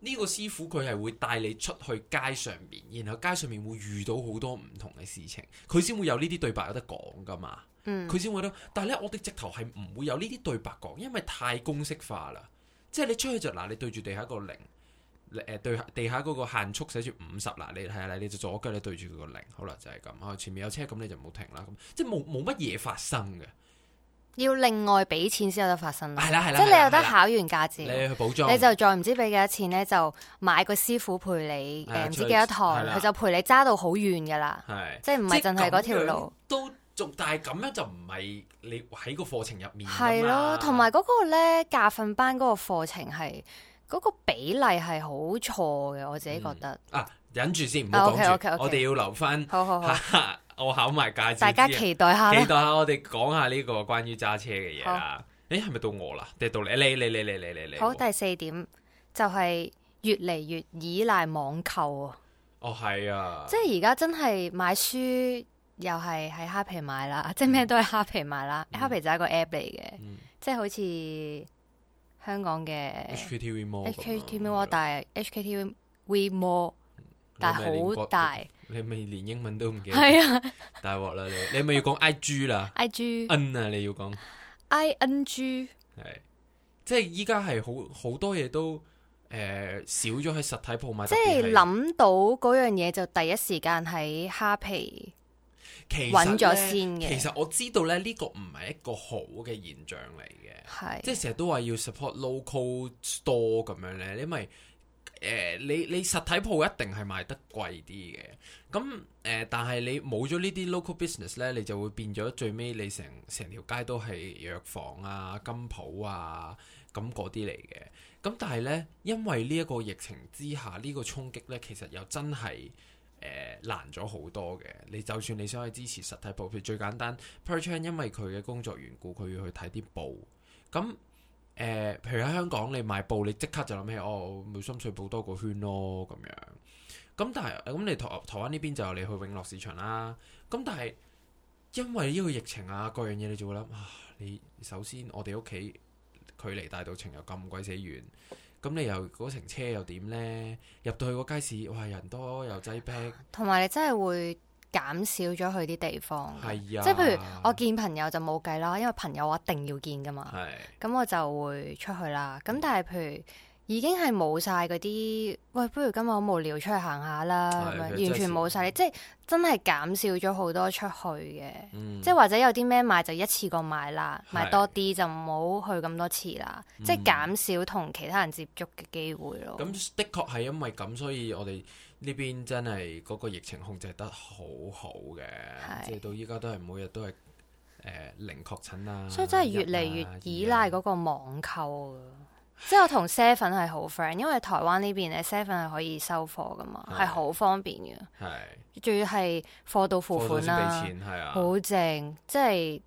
呢個師傅佢係會帶你出去街上面，然後街上面會遇到好多唔同嘅事情，佢先會有呢啲對白有得講噶嘛。佢先、嗯、會得，但係咧我哋直頭係唔會有呢啲對白講，因為太公式化啦。即係你出去就嗱，你對住地下一個零，誒、呃、對地下嗰個限速寫住五十，嗱你係啦，你就左腳你對住佢個零，好啦就係、是、咁，前面有車，咁你就唔好停啦，咁即係冇冇乜嘢發生嘅，要另外俾錢先有得發生，係係即係你有得考完駕照，你去補裝，你就再唔知俾幾多錢咧，就買個師傅陪你，誒、呃、唔知幾多台，佢啦就陪你揸到好遠噶啦，是即係唔係淨係嗰條路都。但係咁樣就唔係你喺、啊、個課程入面。係咯，同埋嗰個咧，教訓班嗰個課程係嗰、嗰個比例係好錯嘅，我自己覺得。嗯、啊，忍住先，唔好講。我哋要留翻。好好好。 (laughs) 我考埋駕照。大家期待下，期待下，我哋講下呢個關於揸車嘅嘢啦。誒好，係咪、欸、到我啦？定到你？你你你你你你你。好，第四點就係、是、越嚟越依賴網購。哦，係啊。即係而家真係買書。又係喺 Happy 買啦，即係咩都喺 Happy 買啦。Happy 就係一個 app 嚟嘅，即係好似香港嘅 HKTV More，但係 HKTV More，但係好大。你咪連英文都唔記得係啊，大鑊啦！你你咪要講 I G 啦，I G N 啊，你要講 I N G 係，即係依家係好好多嘢都誒少咗喺實體鋪買。即係諗到嗰樣嘢就第一時間喺 Happy。其實，其實我知道咧，呢個唔係一個好嘅現象嚟嘅，是的 即係成日都話要 support local store 咁樣咧，因為誒你、呃、你，你實體鋪一定係賣得貴啲嘅，咁誒、呃、但係你冇咗呢啲 local business 咧，你就會變咗最尾你成成條街都係藥房啊、金鋪啊咁嗰啲嚟嘅，咁但係咧因為呢一個疫情之下，呢個衝擊咧其實又真係。誒、呃、難咗好多嘅，你就算你想去支持實體鋪，譬如最簡單，Perchan 因為佢嘅工作緣故，佢要去睇啲布。咁誒、呃，譬如喺香港你買布，你即刻就諗起哦，我心水補多個圈咯咁樣。咁但係咁你台台灣呢邊就有你去永樂市場啦。咁但係因為呢個疫情啊，各樣嘢你就會諗啊，你首先我哋屋企距離大稻埕又咁鬼死遠。咁你由嗰程車又點呢？入到去個街市，哇！人多又擠迫，同埋你真係會減少咗去啲地方。係啊，即係譬如我見朋友就冇計啦，因為朋友我一定要見㗎嘛。係，咁我就會出去啦。咁但係譬如。已經係冇晒嗰啲，喂，不如今日好無聊，出去行下啦，咁樣的完全冇晒，即係的真係減少咗好多出去嘅，嗯、即係或者有啲咩買就一次過買啦，的買多啲就唔好去咁多次啦，嗯、即係減少同其他人接觸嘅機會咯。咁的確係因為咁，所以我哋呢邊真係嗰個疫情控制得好好嘅，即係的到依家都係每日都係誒、呃、零確診啊。所以真係越嚟越依賴嗰個網購啊。即係我同 Seven 係好 friend，因為台灣呢邊咧 Seven 係可以收貨㗎嘛，係好的方便嘅。係的，仲要係貨到付款啦，俾錢係啊，好正，即係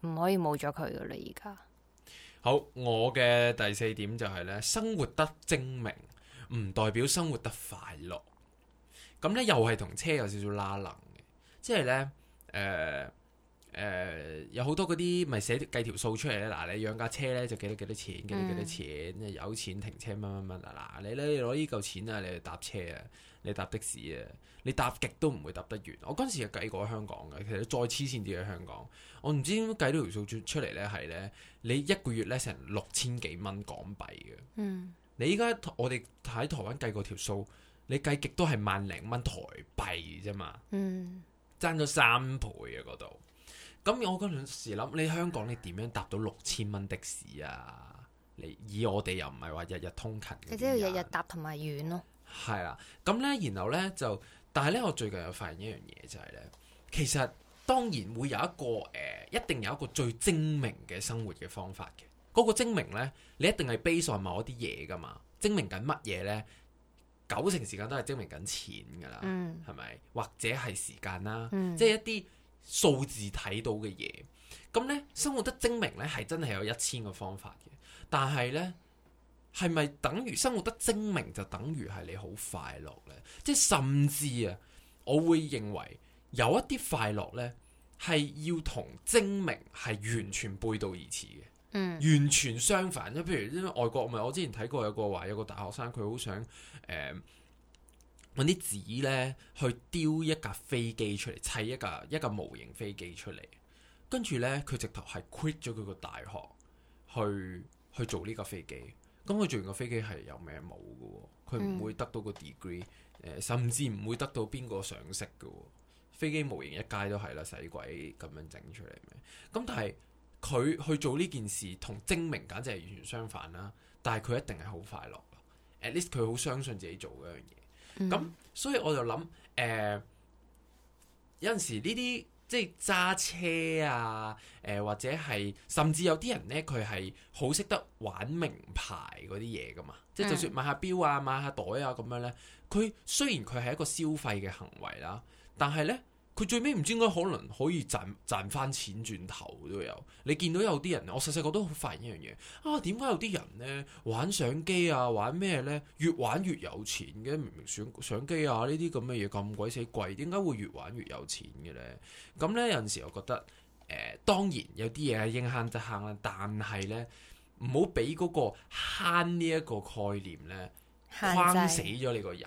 唔可以冇咗佢㗎喇。而家好，我嘅第四點就係、是、咧，生活得精明唔代表生活得快樂。咁咧又係同車有少少拉楞嘅，即係咧誒。呃誒、呃、有好多嗰啲咪寫計條數出嚟咧。嗱，你養架車咧就幾多幾多錢，幾、嗯、多幾多錢。有錢停車乜乜乜。啊！嗱，你咧攞呢嚿錢啊，你去搭車啊，你搭的士啊，你搭極都唔會搭得完。我嗰時又計過香港嘅，其實再黐線啲嘅香港，我唔知點計到條數出嚟咧，係咧你一個月咧成六千幾蚊港幣嘅。嗯，你依家我哋喺台灣計過條數，你計極都係萬零蚊台幣啫嘛。嗯，爭咗三倍啊！嗰度。咁我嗰陣時諗，你香港你點樣搭到六千蚊的士啊？你以我哋又唔係話日日通勤，嘅、哦，即係日日搭同埋遠咯。係啦，咁呢，然後呢，就，但係呢，我最近又發現一樣嘢，就係、是、呢，其實當然會有一個誒、呃，一定有一個最精明嘅生活嘅方法嘅。嗰、那個精明呢，你一定係 base 喺某一啲嘢噶嘛？精明緊乜嘢呢？九成時間都係精明緊錢噶啦，係咪、嗯？或者係時間啦，嗯、即係一啲。數字睇到嘅嘢。咁呢，生活得精明呢係真係有一千個方法嘅，但係呢，係咪等於生活得精明就等於係你好快樂呢？即係甚至啊，我會認為有一啲快樂呢係要同精明係完全背道而馳嘅，嗯，完全相反。即譬如因為外國咪我之前睇過有個話有個大學生佢好想誒。呃搵啲紙呢，去丟一架飛機出嚟，砌一架一架模型飛機出嚟。跟住呢，佢直頭係 quit 咗佢個大學去去做呢架飛機。咁佢做完個飛機係有命冇嘅，佢唔會得到個 degree，呃，甚至唔會得到邊個賞識嘅。飛機模型一街都係啦，使鬼咁樣整出嚟咩？咁但係佢去做呢件事，同精明簡直係完全相反啦。但係佢一定係好快樂，at least 佢好相信自己做嗰樣嘢。咁、嗯、所以我就諗，誒、呃、有陣時呢啲即係揸車啊，誒、呃、或者係甚至有啲人呢，佢係好識得玩名牌嗰啲嘢㗎嘛，嗯、即係就算買下錶啊、買下袋啊咁樣呢，佢雖然佢係一個消費嘅行為啦，但係呢。佢最尾唔知應該可能可以賺賺返錢轉頭都有，你見到有啲人，我細細個都好發現一樣嘢啊！點解有啲人呢？玩相機啊，玩咩呢？越玩越有錢嘅？明明相相機啊呢啲咁嘅嘢咁鬼死貴，點解會越玩越有錢嘅呢？咁呢，有陣時我覺得，誒、呃、當然有啲嘢係應慳得慳啦，但係呢，唔好俾嗰個慳呢一個概念呢，制框死咗你個人。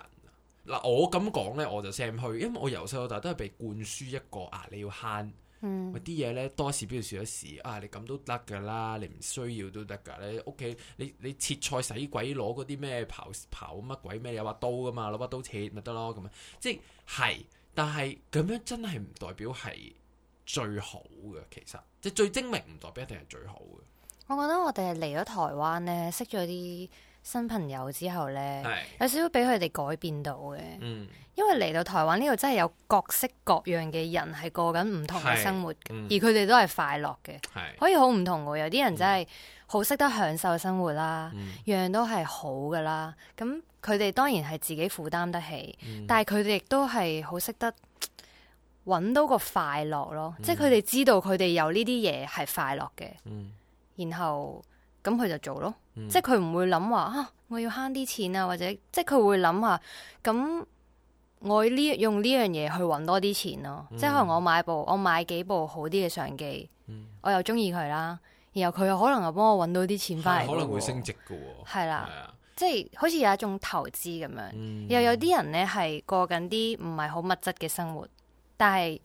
嗱我咁講呢，我就 sam 去，因為我由細到大都係被灌輸一個啊，你要慳，啲嘢、嗯、呢，多一事要嘗一事不如少一事啊！你咁都得嘅啦，你唔需要都得噶。你屋企你你切菜使鬼攞嗰啲咩刨刨乜鬼咩？有把刀噶嘛，攞把刀切咪得咯咁啊！即係，但係咁樣真係唔代表係最好嘅，其實即係最精明唔代表一定係最好嘅。我覺得我哋嚟咗台灣呢，識咗啲新朋友之後呢，是有少少俾佢哋改變到嘅，嗯、因為嚟到台灣呢度、這個、真係有各式各樣嘅人係過緊唔同嘅生活，嗯、而佢哋都係快樂嘅，是可以好唔同嘅。有啲人真係好識得享受生活、嗯、啦，樣樣都係好㗎啦。咁佢哋當然係自己負擔得起，嗯、但係佢哋亦都係好識得揾到個快樂咯。嗯、即係佢哋知道佢哋有呢啲嘢係快樂嘅，嗯、然後。咁佢就做咯，嗯、即係佢唔會諗話啊，我要慳啲錢啊，或者即係佢會諗下，咁我呢用呢樣嘢去揾多啲錢咯，即係可能我買部，我買幾部好啲嘅相機，嗯、我又中意佢啦，然後佢又可能又幫我揾到啲錢翻嚟、啊，可能會升值嘅、啊，係啦，的即係好似有一種投資咁樣，嗯、又有啲人呢係過緊啲唔係好物質嘅生活，但係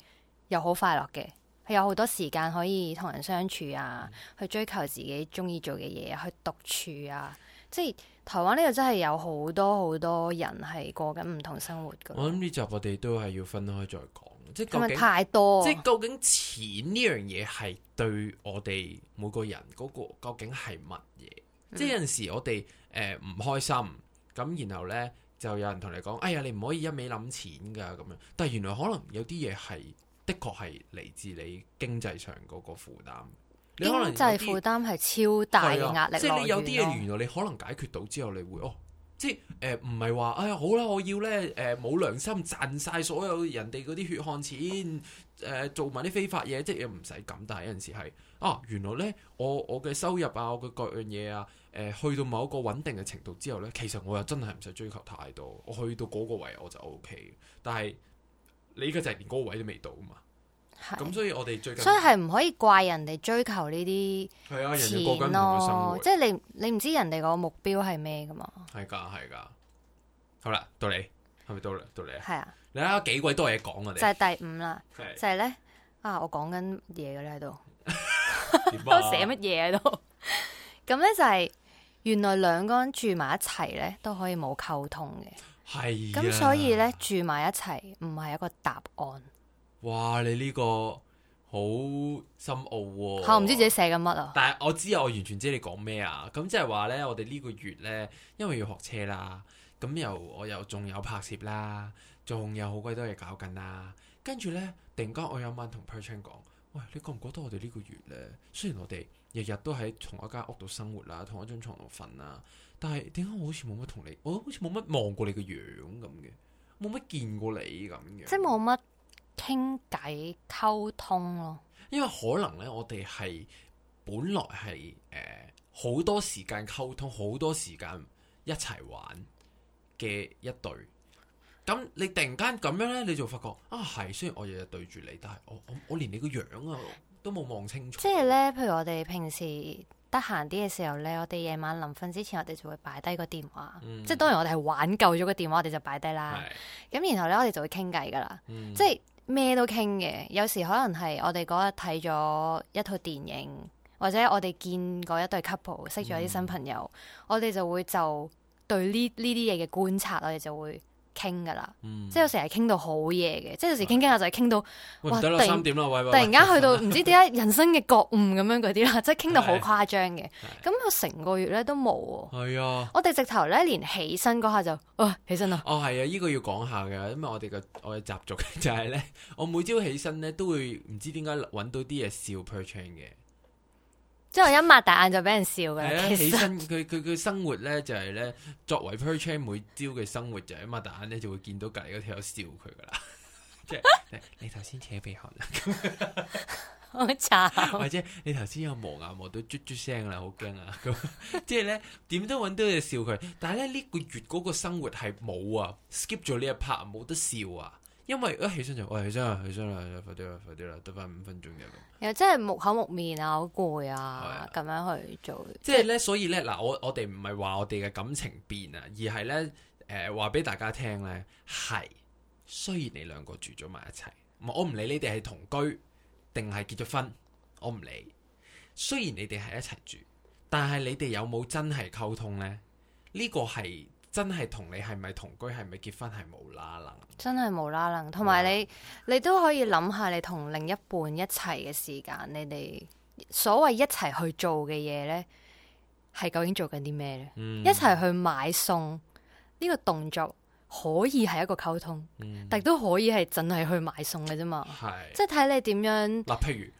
又好快樂嘅。有好多時間可以同人相處啊，嗯、去追求自己中意做嘅嘢，啊，去獨處啊，即係台灣呢度真係有好多好多人係過緊唔同生活噶。我諗呢集我哋都係要分開再講，即係咁啊太多，即係究竟錢呢樣嘢係對我哋每個人嗰個究竟係乜嘢？嗯、即係有陣時我哋誒唔開心，咁然後呢，就有人同你講：哎呀，你唔可以一味諗錢噶咁樣。但係原來可能有啲嘢係。的確係嚟自你經濟上嗰個負擔，你可能真係負擔係超大嘅壓力。即係你有啲嘢，原來你可能解決到之後，你會哦，即係誒唔係話哎呀好啦，我要咧誒冇良心賺晒所有人哋嗰啲血汗錢，誒、呃、做埋啲非法嘢，即係又唔使咁。但係有陣時係啊，原來咧我我嘅收入啊，我嘅各樣嘢啊，誒、呃、去到某一個穩定嘅程度之後咧，其實我又真係唔使追求太多，我去到嗰個位我就 OK。但係。你依家就係連嗰個位都未到嘛，咁是所以我哋最近，所以係唔可以怪人哋追求呢啲係啊，人哋過緊唔同嘅生活，即係你你唔知人哋個目標係咩噶嘛，係噶係噶，好啦，到你係咪到啦？到你啊，係啊，你睇下幾鬼多嘢講啊，就係第五啦，是就係咧啊，我講緊嘢噶咧喺度，都寫乜嘢啊都，咁咧 (laughs) (laughs) 就係、是、原來兩個人住埋一齊咧都可以冇溝通嘅。係咁，啊、所以咧，住埋一齊唔係一個答案。哇！你呢、呢個好深奧喎、啊，我唔知自己寫緊乜啊！但係我知啊，我完全知你講咩啊！咁即係話咧，我哋呢個月咧，因為要學車啦，咁又我又仲有拍攝啦，仲有好鬼多嘢搞緊啦，跟住咧突然間我有晚同 Perchan 講，喂，你覺唔覺得我哋呢個月咧，雖然我哋日日都喺同一間屋度生活啦，同一張床度瞓啦。但係點解我好似冇乜同你，我好似冇乜望過你個樣咁嘅，冇乜見過你咁嘅，即係冇乜傾偈溝通咯。因為可能咧，我哋係本來係誒好多時間溝通，好多時間一齊玩嘅一對。咁你突然間咁樣咧，你就發覺啊，係雖然我日日對住你，但係我我我連你個樣啊都冇望清楚。即係咧，譬如我哋平時。得閒啲嘅時候咧，我哋夜晚臨瞓之前，我哋就會擺低個電話，嗯、即係當然我哋係玩夠咗個電話，我哋就擺低啦。咁是然後咧，我哋就會傾偈㗎喇，嗯、即係咩都傾嘅。有時可能係我哋嗰日睇咗一套電影，或者我哋見過一對 couple，識咗啲新朋友，嗯、我哋就會就對呢呢啲嘢嘅觀察，我哋就會。傾噶啦，嗯、即係成日傾到好夜嘅，即係有時傾傾下就係傾到三點啦喂哇，突然突然間去到唔知點解人生嘅覺悟咁樣嗰啲啦， (laughs) 即係傾到好誇張嘅，咁我成的個月咧都冇。係啊的，我哋直頭咧連起身嗰下就啊起身啦。哦係啊，呢、這個要講下嘅，因為我哋嘅我嘅習俗就係、是、咧， (laughs) 我每朝起身咧都會唔知點解揾到啲嘢笑 percent 嘅。即係一擘大眼就俾人笑噶啦，起身佢佢佢生活咧就係、是、咧，作為 Perchan 每朝嘅生活就係一擘大眼咧就會見到隔籬嗰條友笑佢噶啦，即係你你頭先扯鼻鼾，咁好慘，或者你頭先有磨牙磨到啜啜聲啦，好驚啊，咁即係咧點都揾到嘢笑佢，但係咧呢個月嗰個生活係冇啊，skip 咗呢一 part 冇得笑啊。因為一起身就喂，起身啦，起身啦，快啲啦，快啲啦，得翻五分鐘嘅。又真係木口木面啊，好攰啊，咁、oh、yeah, 樣去做。呢即係是咧，所以咧嗱，我我哋唔係話我哋嘅感情變啊，而係咧誒，話、呃、俾大家聽咧，係雖然你兩個住咗埋一齊，唔係我唔理你哋係同居定係結咗婚，我唔理。雖然你哋係一齊住，但係你哋有冇真係溝通咧？呢、這個係。真係同你係咪同居？係咪結婚？係冇啦啦！真係冇啦啦！同埋你，你都可以諗下，你同另一半一齊嘅時間，你哋所謂一齊去做嘅嘢呢，係究竟做緊啲咩呢？嗯、一齊去買餸呢、呢個動作可以係一個溝通，嗯、但係都可以係淨係去買餸嘅啫嘛。即係睇你點樣嗱。譬如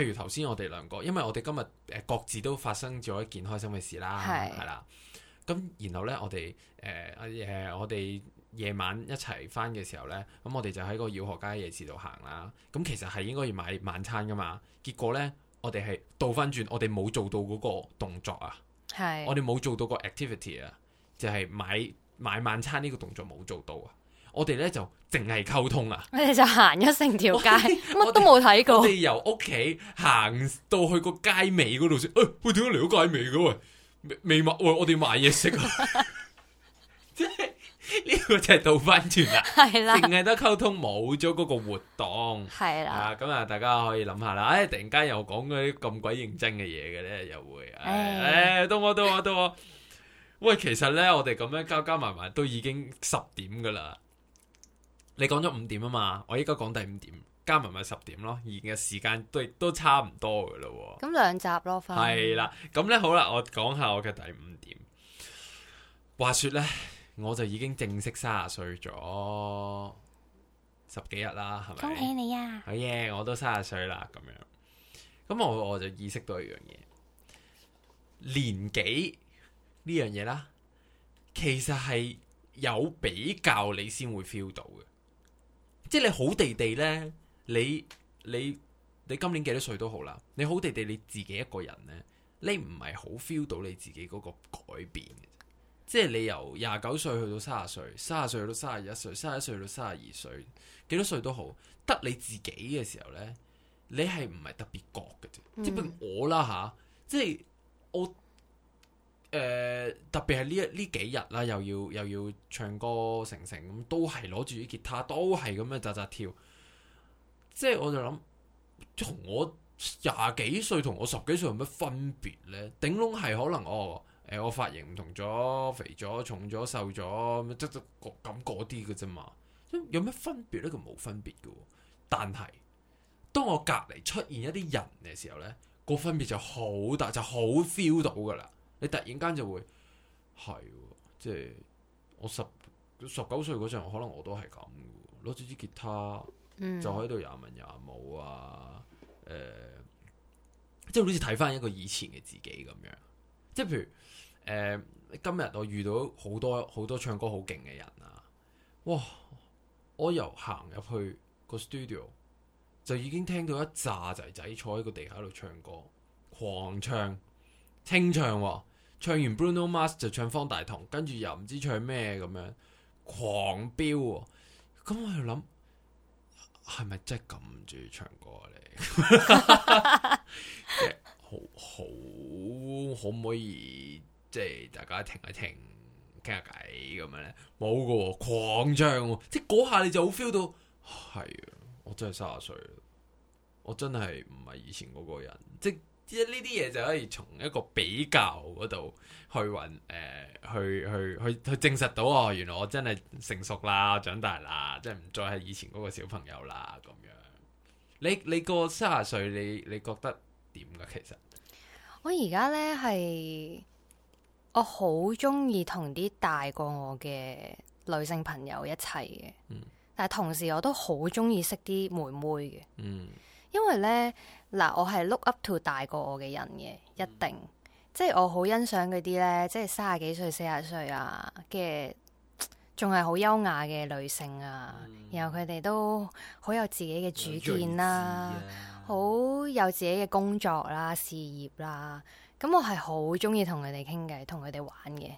譬如頭先我哋兩個，因為我哋今日各自都發生咗一件開心嘅事啦，係係啦。是咁、嗯，然後呢，我哋誒誒，我哋夜晚一齊翻嘅時候呢，咁、嗯、我哋就喺個饒河街夜市度行啦。咁、嗯、其實係應該要買晚餐噶嘛。結果呢，我哋係倒翻轉，我哋冇做到嗰個動作啊。係是，我哋冇做到個 activity 啊，就係、是、買買晚餐呢個動作冇做到啊。我哋呢就淨係溝通啊。我哋就行一成條街，乜 (laughs) 都冇睇過。我哋由屋企行到去街、哎、個街尾嗰度先。誒，喂，點解嚟到街尾嘅？未密，目，我哋買嘢食啊！即係呢個就係倒翻轉啦，係啦，淨係得溝通，冇咗嗰個活動，係啦。咁啊，大家可以諗下啦。哎，突然間又講嗰啲咁鬼認真嘅嘢嘅咧，又會，哎，到我到我到我。到我到我 (laughs) 喂，其實咧，我哋咁樣加加埋埋都已經十點噶啦。你講咗五點啊嘛，我依家講第五點。加埋咪十點咯，而家嘅時間都都差唔多噶啦。咁兩集咯，係啦。咁咧好啦，我講下我嘅第五點。話說咧，我就已經正式三十歲咗十幾日啦，係咪？恭喜你啊！好耶， (music) 我都三十歲啦。咁樣，咁我我就意識到一樣嘢，年紀呢樣嘢啦，其實係有比較你先會 feel 到嘅，即係你好地地咧。你你你今年幾多歲都好啦，你好地地你自己一個人呢，你唔係好 feel 到你自己嗰個改變嘅，即係你由廿九歲去到三十歲，卅歲去到三十一歲，三十一歲去到三十二歲，幾多歲都好，得你自己嘅時候呢，你係唔係特別覺嘅啫、嗯啊？即係我啦吓，即係我誒特別係呢一呢幾日啦，又要又要唱歌成成咁，都係攞住啲吉他，都係咁樣扎扎跳。即係我就諗，同我廿幾歲同我十幾歲有乜分別咧？頂籠係可能哦，誒、呃，我髮型唔同咗，肥咗，重咗，瘦咗，即係即係咁啲嘅啫嘛。有乜分別咧？佢冇分別嘅、哦。但係當我隔籬出現一啲人嘅時候咧，個分別就好大，就好 feel 到噶啦。你突然間就會係，即係、就是、我十十九歲嗰陣，可能我都係咁，攞住支吉他。嗯、就喺度也文也武啊，誒、呃，即係好似睇翻一個以前嘅自己咁樣，即係譬如誒、呃，今日我遇到好多好多唱歌好勁嘅人啊，哇！我又行入去個 studio，就已經聽到一紮仔仔坐喺個地下度唱歌，狂唱、清唱、啊，唱完 Bruno Mars 就唱方大同，跟住又唔知唱咩咁樣，狂飆、啊，咁我又諗。係咪真係咁鍾意唱歌啊？你 (laughs) 好好可唔可以即係大家停一停，傾下偈咁樣咧？冇噶，誇張喎、啊！即係嗰下你就好 feel 到，係啊！我真係卅歲啦，我真係唔係以前嗰個人，即即呢啲嘢就可以從一個比較嗰度去揾，誒、呃，去去去去證實到啊、哦，原來我真係成熟啦，長大啦，即係唔再係以前嗰個小朋友啦，咁樣。你你過三十歲，你歲,你，你覺得點噶？其實我而家呢係我好中意同啲大過我嘅女性朋友一齊嘅，嗯、但係同時我都好中意識啲妹妹嘅，嗯。因為咧，嗱，我係 look up to 大過我嘅人嘅，一定，嗯、即係我好欣賞嗰啲咧，即係三十幾歲、四十歲啊嘅，仲係好優雅嘅女性啊，嗯、然後佢哋都好有自己嘅主見啦、啊，好智、啊、有自己嘅工作啦、啊、事業啦、啊，咁、嗯嗯、我係好中意同佢哋傾偈、同佢哋玩嘅，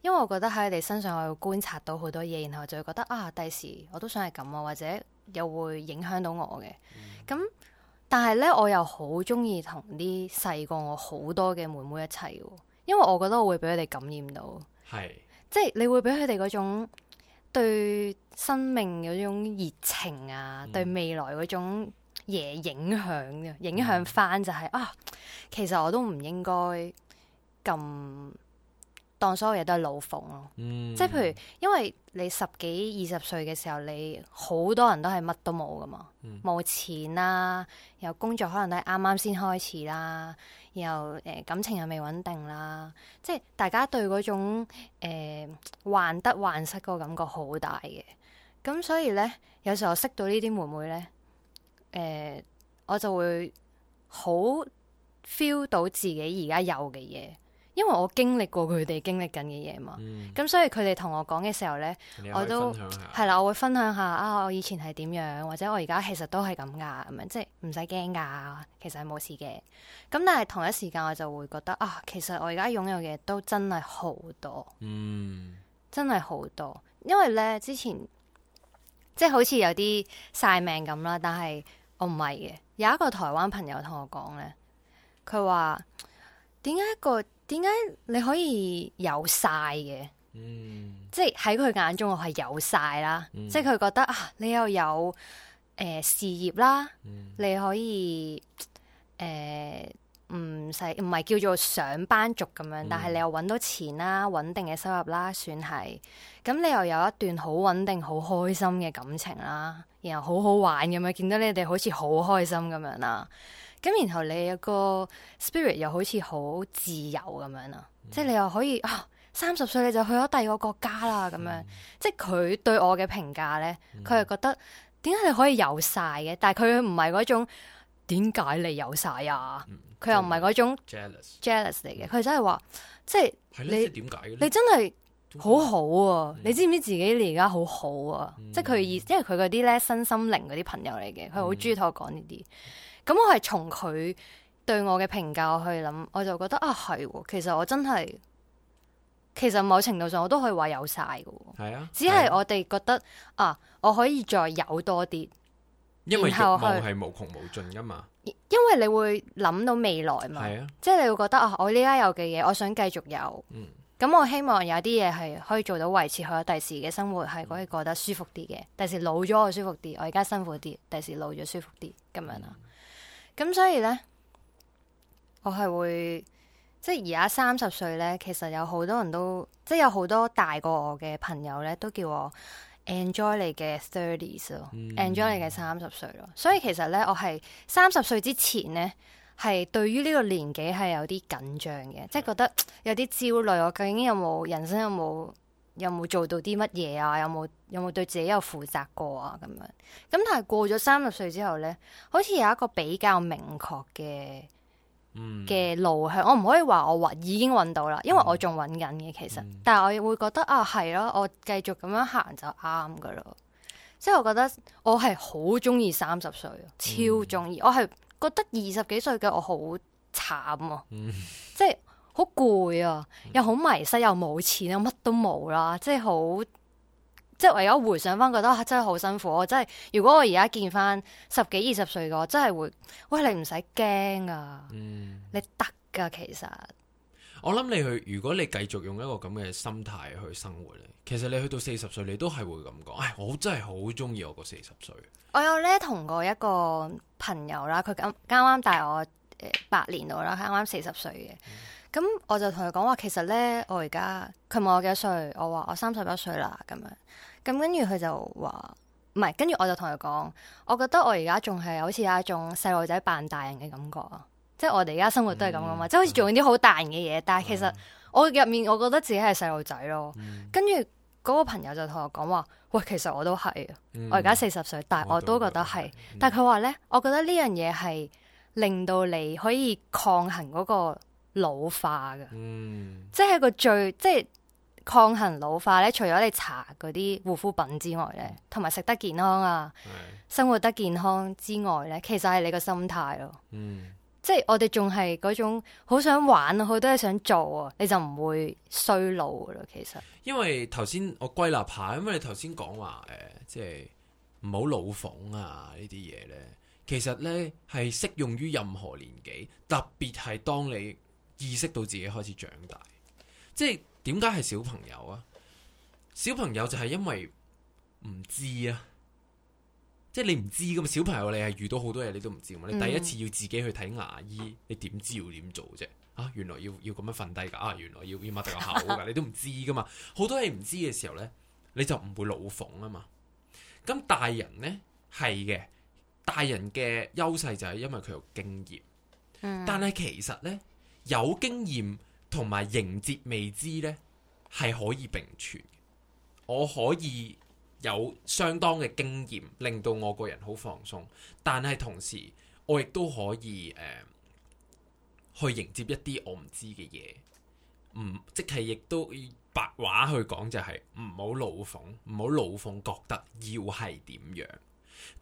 因為我覺得喺佢哋身上，我會觀察到好多嘢，然後就會覺得啊，第時我都想係咁啊，或者又會影響到我嘅，咁。嗯嗯。但係咧，我又好中意同啲細過我好多嘅妹妹一齊，因為我覺得我會俾佢哋感染到，是即係你會俾佢哋嗰種對生命嗰種熱情啊，嗯、對未來嗰種嘢影響，影響翻就係、是嗯、啊，其實我都唔應該咁。當所有嘢都係老馿咯，嗯、即係譬如，因為你十幾二十歲嘅時候，你好多人都係乜都冇噶嘛，冇、嗯、錢啦、啊，又工作可能都係啱啱先開始啦、啊，又誒、呃、感情又未穩定啦，即係大家對嗰種、呃、患得患失個感覺好大嘅，咁所以呢，有時候識到呢啲妹妹呢，誒、呃、我就會好 feel 到自己而家有嘅嘢。因為我經歷過佢哋經歷緊嘅嘢嘛，咁、嗯、所以佢哋同我講嘅時候呢，可我都係啦，我會分享下啊，我以前係點樣，或者我而家其實都係咁㗎，咁樣即係唔使驚㗎，其實係冇事嘅。咁但係同一時間我就會覺得啊，其實我而家擁有嘅都真係好多，嗯、真係好多。因為呢，之前即係好似有啲晒命咁啦，但係我唔係嘅。有一個台灣朋友同我講呢，佢話點解一個？點解你可以有晒嘅？嗯、即係喺佢眼中我係有晒啦，嗯、即係佢覺得啊，你又有誒、呃、事業啦，嗯、你可以誒唔使唔係叫做上班族咁樣，嗯、但係你又揾到錢啦，穩定嘅收入啦，算係。咁你又有一段好穩定、好開心嘅感情啦，然後好好玩咁樣，見到你哋好似好開心咁樣啦。咁然後你有個 spirit 又好似好自由咁樣啊，即係你又可以啊，三十歲你就去咗第二個國家啦咁樣，即係佢對我嘅評價咧，佢係覺得點解你可以有晒嘅？但係佢唔係嗰種點解你有晒啊？佢又唔係嗰種 jealous jealous 嚟嘅，佢真係話即係你點解？你真係好好啊！你知唔知自己而家好好啊？即係佢意，因為佢嗰啲咧身心靈嗰啲朋友嚟嘅，佢好中意同我講呢啲。咁我係從佢對我嘅評價去諗，我就覺得啊係，其實我真係其實某程度上我都可以話有晒噶。係啊的，只係我哋覺得的啊，我可以再有多啲，因為欲望係無窮無盡噶嘛。因為你會諗到未來嘛，的即係你會覺得啊，我呢家有嘅嘢，我想繼續有。嗯，咁我希望有啲嘢係可以做到維持，佢第時嘅生活係可以過得舒服啲嘅。第時老咗我舒服啲，我而家辛苦啲，第時老咗舒服啲咁樣啦。咁所以咧，我係會即係而家三十歲咧，其實有好多人都即係有好多大過我嘅朋友咧，都叫我 enjoy 你嘅 thirties 咯，enjoy 你嘅三十歲咯。嗯、所以其實咧，我係三十歲之前咧，係對於呢個年紀係有啲緊張嘅，嗯、即係覺得有啲焦慮。我究竟有冇人生有冇？有冇做到啲乜嘢啊？有冇有冇對自己有負責過啊？咁樣咁但係過咗三十歲之後呢，好似有一個比較明確嘅嘅路向。我唔可以話我揾已經揾到啦，因為我仲揾緊嘅。其實，嗯、但係我會覺得啊，係咯，我繼續咁樣行就啱噶咯。即係我覺得我係好中意三十歲，超中意、嗯。我係覺得二十幾歲嘅我好慘啊，嗯、即係。好攰啊！又好迷失，又冇錢啊！又乜都冇啦，即係好，即係唯有回想翻，覺得真係好辛苦。我真係，如果我而家見翻十幾二十歲個，我真係會，喂，你唔使驚啊！嗯，你得噶，啊，其實我諗你去，如果你繼續用一個咁嘅心態去生活咧？其實你去到四十歲，你都係會咁講。唉，我真係好中意我個四十歲。我有咧同過一個朋友啦，佢咁啱啱大我誒八年度啦，啱啱四十歲嘅。嗯咁我就同佢講話，其實咧，我而家佢問我幾多歲，我話我三十一歲啦。咁樣咁，跟住佢就話唔係，跟住我就同佢講，我覺得我而家仲係好似有一種細路仔扮大人嘅感覺啊，即係我哋而家生活都係咁嘛，即係、嗯、好似做緊啲好大人嘅嘢，嗯、但係其實我入面，我覺得自己係細路仔咯。嗯、跟住嗰個朋友就同我講話，喂，其實我都係，嗯、我而家四十歲，但係我都覺得係。得但係佢話咧，嗯、我覺得呢樣嘢係令到你可以抗衡嗰、嗰個。老化嘅、嗯，即係個最即係抗衡老化咧。除咗你搽嗰啲護膚品之外咧，同埋食得健康啊，是生活得健康之外咧，其實係你個心態咯。嗯，即係我哋仲係嗰種好想玩啊，好多嘢想做啊，你就唔會衰老噶喇。其實，因為頭先我歸納下，因為你頭先講話誒，即係唔好老諷啊呢啲嘢咧，其實咧係適用於任何年紀，特別係當你意識到自己開始長大，即係點解係小朋友啊？小朋友就係因為唔知啊，即係你唔知噶嘛。小朋友你係遇到好多嘢，你都唔知嘛。你第一次要自己去睇牙醫，你點知要點做啫？啊，原來要要咁樣瞓低噶啊，原來要要擘大個口噶，你都唔知噶嘛。好 (laughs) 多嘢唔知嘅時候呢，你就唔會老馮啊嘛。咁大人呢？係嘅，大人嘅優勢就係因為佢有經驗，嗯、但係其實呢。有經驗同埋迎接未知，呢係可以並存。我可以有相當嘅經驗，令到我個人好放鬆，但係同時我亦都可以誒、呃、去迎接一啲我唔知嘅嘢。唔即係亦都白話去講、就是，就係唔好老奉，唔好老奉，覺得要係點樣。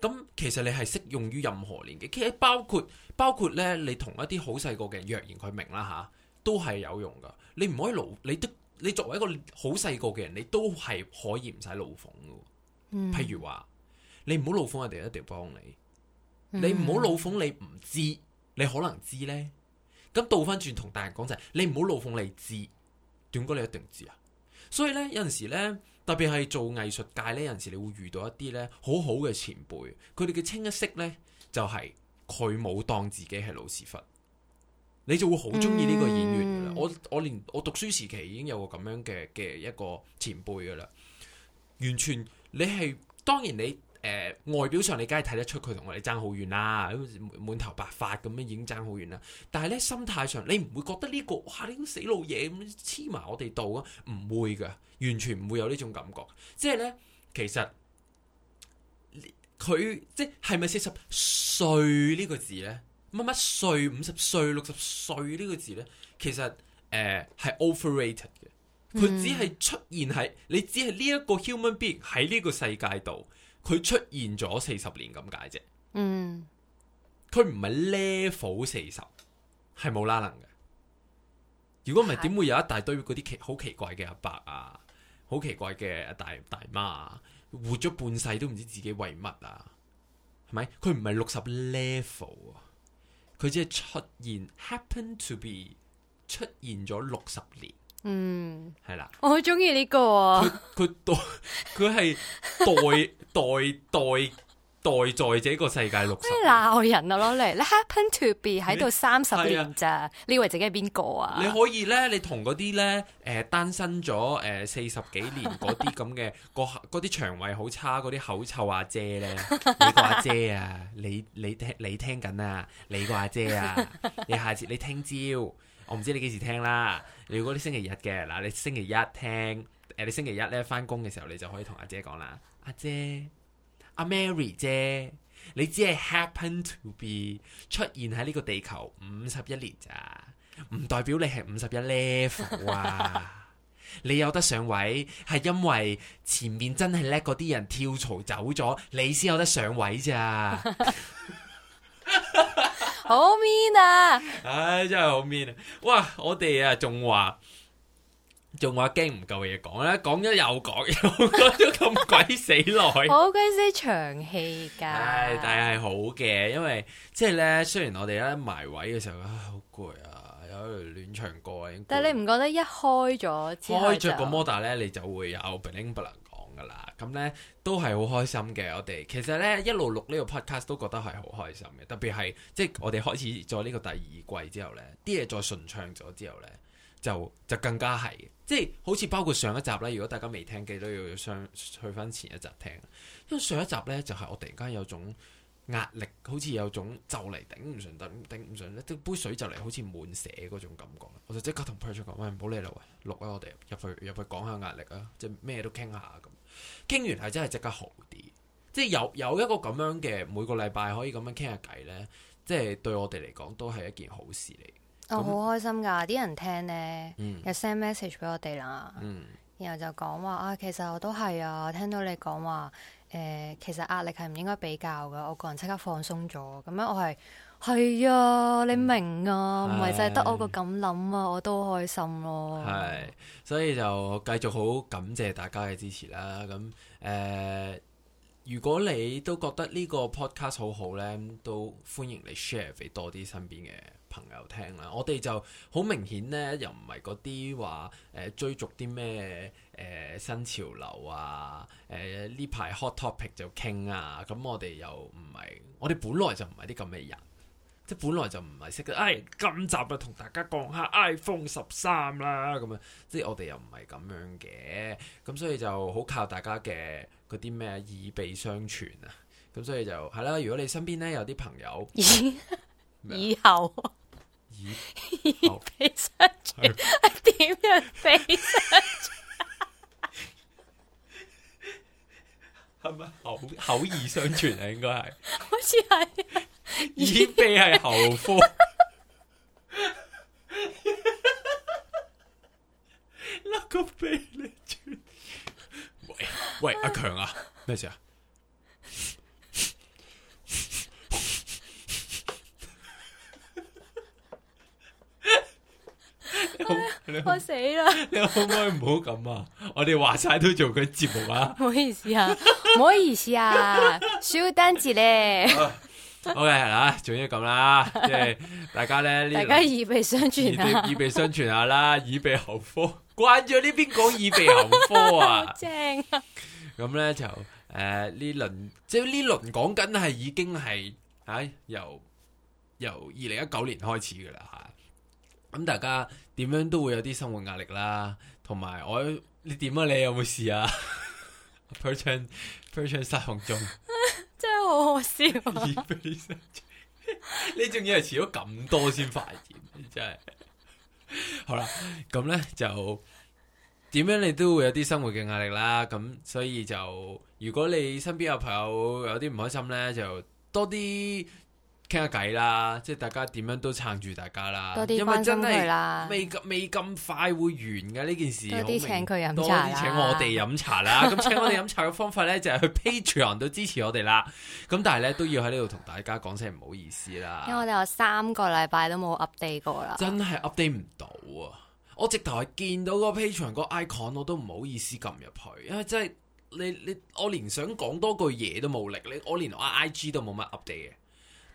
咁其實你係適用於任何年紀，其實包括包括咧，你同一啲好細個嘅人，若然佢明啦，吓，都係有用噶。你唔可以老，你都你作為一個好細個嘅人，你都係可以唔使老諷噶。嗯、譬如話，你唔好老諷我哋，一定幫你。你唔好老諷，你唔知，你可能知呢。咁倒翻轉同大人講就係，你唔好老諷你知，點解你一定知啊？所以呢，有陣時咧。特別係做藝術界呢，有時你會遇到一啲呢，好好嘅前輩，佢哋嘅清一色呢，就係佢冇當自己係老師傅，你就會好鍾意呢個演員。嗯、我我連我讀書時期已經有個咁樣嘅嘅一個前輩㗎喇，完全你係當然你。誒、呃、外表上你梗係睇得出佢同我哋爭好遠啦，滿頭白髮咁樣已經爭好遠啦。但係咧，心態上你唔會覺得呢、呢個嚇你都死老嘢咁黐埋我哋度啊，唔會嘅，完全唔會有呢種感覺。即係咧，其實佢即係咪四十歲呢個字咧？乜乜歲、五十歲、六十歲呢個字咧？其實誒係 overrated 嘅，佢、呃、只係出現喺你只係呢一個 human being 喺呢個世界度。佢出現咗四十年咁解啫，嗯，佢唔係 level 四十，係冇啦能嘅。如果唔係，點會有一大堆嗰啲奇好奇怪嘅阿伯啊，好奇怪嘅大大媽啊，活咗半世都唔知自己為乜啊？係咪？佢唔係六十 level 啊，佢只係出現，happen to be 出現咗六十年。嗯，係啦， (music) 的我好中意呢個佢佢代佢係代代代代在呢個世界六十年鬧、 (laughs) 哎、人啊！咯，你 happen to be 喺度三十年咋？哎、呀你以為自己係邊個啊？你可以咧，你同嗰啲咧誒單身咗誒四十幾年嗰啲咁嘅嗰啲腸胃好差嗰啲口臭阿姐咧， (laughs) 你個阿姐，姐啊，你你，你，你，你聽你聽緊啊，你個阿姐啊，你下次你聽朝，我唔知你幾時聽啦。如果你星期日嘅嗱，你星期一聽，誒、呃、你星期一咧翻工嘅時候，你就可以同阿姐講啦，阿、 (laughs) 啊、姐，阿、啊、Mary 姐，你只係 happen to be 出現喺呢個地球五十一年咋，唔代表你係五十一 level 啊！你有得上位係因為前面真係叻嗰啲人跳槽走咗，你先有得上位咋。 (laughs) (laughs) 好 mean 啊！唉，真係好 mean 啊！哇，我哋啊仲話仲話驚唔夠嘢講咧，講咗又講，又講咗咁鬼死耐，好鬼死長氣噶。唉，但係好嘅，因為即係咧，雖然我哋一埋位嘅時候啊，好攰啊，有啲亂唱歌啊，但係你唔覺得一開咗開着個 model 咧，你就會有咁呢都係好開心嘅。我哋其實呢一路錄呢個 podcast 都覺得係好開心嘅，特別係即係我哋開始做呢個第二季之後呢啲嘢再順暢咗之後呢，就就更加係，即係好似包括上一集呢。如果大家未聽，記得要去返前一集聽。因為上一集呢就係、是、我突然間有種壓力，好似有種就嚟頂唔順得頂唔順咧，杯水就嚟好似滿瀉嗰種感覺。我就即刻同 producer 講：喂、哎，唔好理啦，喂，錄啊，我哋入去入去講下壓力啊，即係咩都傾下傾完係真係即刻好啲，即係有有一個咁樣嘅每個禮拜可以咁樣傾下偈呢，即係對我哋嚟講都係一件好事嚟。我好開心㗎，啲那人聽呢，嗯、有 send message 俾我哋啦，嗯、然後就講話啊，其實我都係啊，聽到你講話誒，其實壓力係唔應該比較㗎，我個人即刻放鬆咗，咁樣我係。係啊，你明啊，唔係就係得我個咁諗啊，是我都開心咯、啊。係，所以就繼續好感謝大家嘅支持啦。咁誒、呃，如果你都覺得呢個 podcast 好好呢，都歡迎你 share 俾多啲身邊嘅朋友聽啦。我哋就好明顯呢，又唔係嗰啲話誒追逐啲咩誒新潮流啊，誒、呃、呢排 hot topic 就傾啊。咁我哋又唔係，我哋本來就唔係啲咁嘅人。即係本來就唔係識嘅，唉、哎，今集啊，同大家講下 iPhone 十三啦。咁樣，即係我哋又唔係咁樣嘅，咁所以就好靠大家嘅嗰啲咩耳鼻相傳啊，咁所以就係啦，如果你身邊咧有啲朋友，以麼以後，耳鼻相傳，點是樣耳鼻相傳？係咪 (laughs) 嗎口口耳相傳啊？應該係，好似係。耳鼻喉科，喂喂，阿強啊，咩事啊？我死啦！你可唔可以唔好咁啊？我哋話晒都做佢節目啊。唔好意思啊，唔好意思啊，小單字咧。 (laughs) OK，係啦，仲要咁啦，即係大家咧，呢大家耳鼻相傳，耳鼻相傳下啦，耳鼻喉科，慣咗呢邊講耳鼻喉科啊，正啊！咁咧就誒呢輪，即係呢輪講緊係已經係吓由由二零一九年開始噶啦吓，咁大家點樣都會有啲生活壓力啦，同埋我你點啊？你有冇事啊？Person，Person 失控中。真係好可笑，呢種嘢係遲咗咁多先發現真係。 (laughs) 好啦，咁呢，就點樣你都會有啲生活嘅壓力啦。咁所以就如果你身邊有朋友有啲唔開心呢，就多啲。傾下偈啦，即係大家點樣都撐住大家啦，多啦，因為真係未未咁多快會完噶呢件事。多啲請佢飲茶啦，多啲請我哋飲茶啦。咁 (laughs) 請我哋飲茶嘅方法咧，就係、是、去 Patreon 度支持我哋啦。咁但係咧都要喺呢度同大家講聲唔好意思啦，因為我哋有三個禮拜都冇 update 過啦，真係 update 唔到啊！我直頭係見到個 Patreon 個 icon，我都唔好意思撳入去，因為真係你你我連想講多句嘢都冇力，你我連我 IG 都冇乜 update 嘅。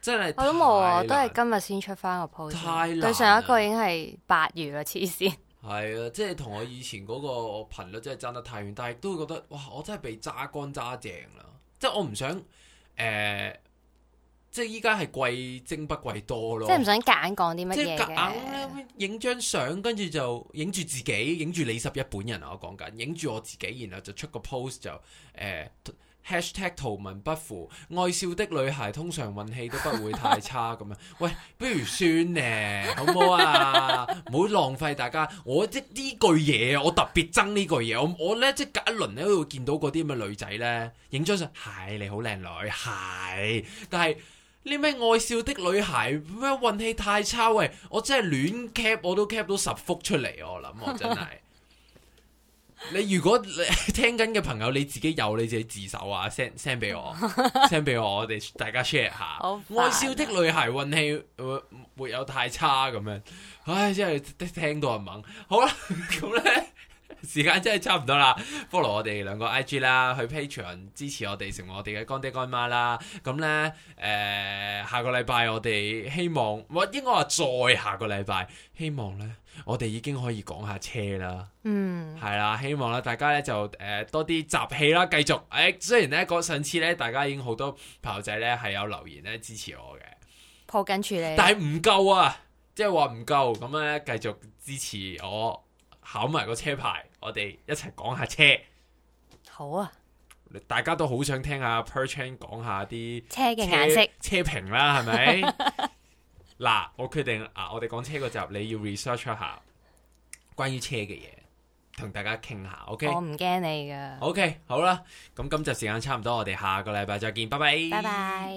真係我，我都冇啊，都係今日先出翻個 post。太難啦！對上一個已經係八月啦，黐線。係啊，即係同我以前嗰個頻率真係爭得太遠，但係都會覺得哇，我真係被揸乾揸淨啦！即係我唔想誒、呃，即係依家係貴精不貴多咯。即係唔想夾硬講啲乜嘢嘅。夾硬影張相，跟住就影住自己，影住李十一本人啊！我講緊，影住我自己，然後就出個 post 就誒。呃 #hashtag，圖文不符，愛笑的女孩通常運氣都不會太差，咁 (laughs) 樣，喂，不如算呢，好唔好啊？唔好 (laughs) 浪費大家，我即呢句嘢我特別憎呢句嘢，我我咧即隔一輪咧都會見到嗰啲咁嘅女仔呢，影張相，係、哎、你好靚女，係、哎，但係呢咩愛笑的女孩咩運氣太差喂，我真係亂 cap 我都 cap 到十幅出嚟我諗，我，我真係。 (laughs) 你如果你聽緊嘅朋友，你自己有你自己自首啊，send send 俾我，send 俾 (laughs) 我，我哋大家 share 下。愛笑的女孩運氣會沒有太差咁樣，唉，真係聽到人猛。好啦，咁 (laughs) 咧時間真係差唔多啦 (laughs) ，follow 我哋兩個 IG 啦，去 patreon 支持我哋，成為我哋嘅乾爹乾媽啦。咁咧，誒、呃，下個禮拜我哋希望，我應該話再下個禮拜，希望咧。我哋已經可以講下車啦，嗯，係啦，希望咧大家咧就誒、呃、多啲集氣啦，繼續誒、欸。雖然咧上次咧，大家已經好多朋友仔咧係有留言咧支持我嘅，抱緊處理，但係唔夠啊，即係話唔夠咁咧，繼續支持我考埋個車牌，我哋一齊講下車。好啊，大家都好想聽下 Per Chan 講下啲車嘅顏色車,車評啦，係咪？ (laughs) 嗱，我決定啊，我哋講車嗰集，你要 research 一下關於車嘅嘢，同大家傾下。OK，我唔驚你㗎。OK，好啦，咁今集時間差唔多，我哋下個禮拜再見，拜拜。拜拜。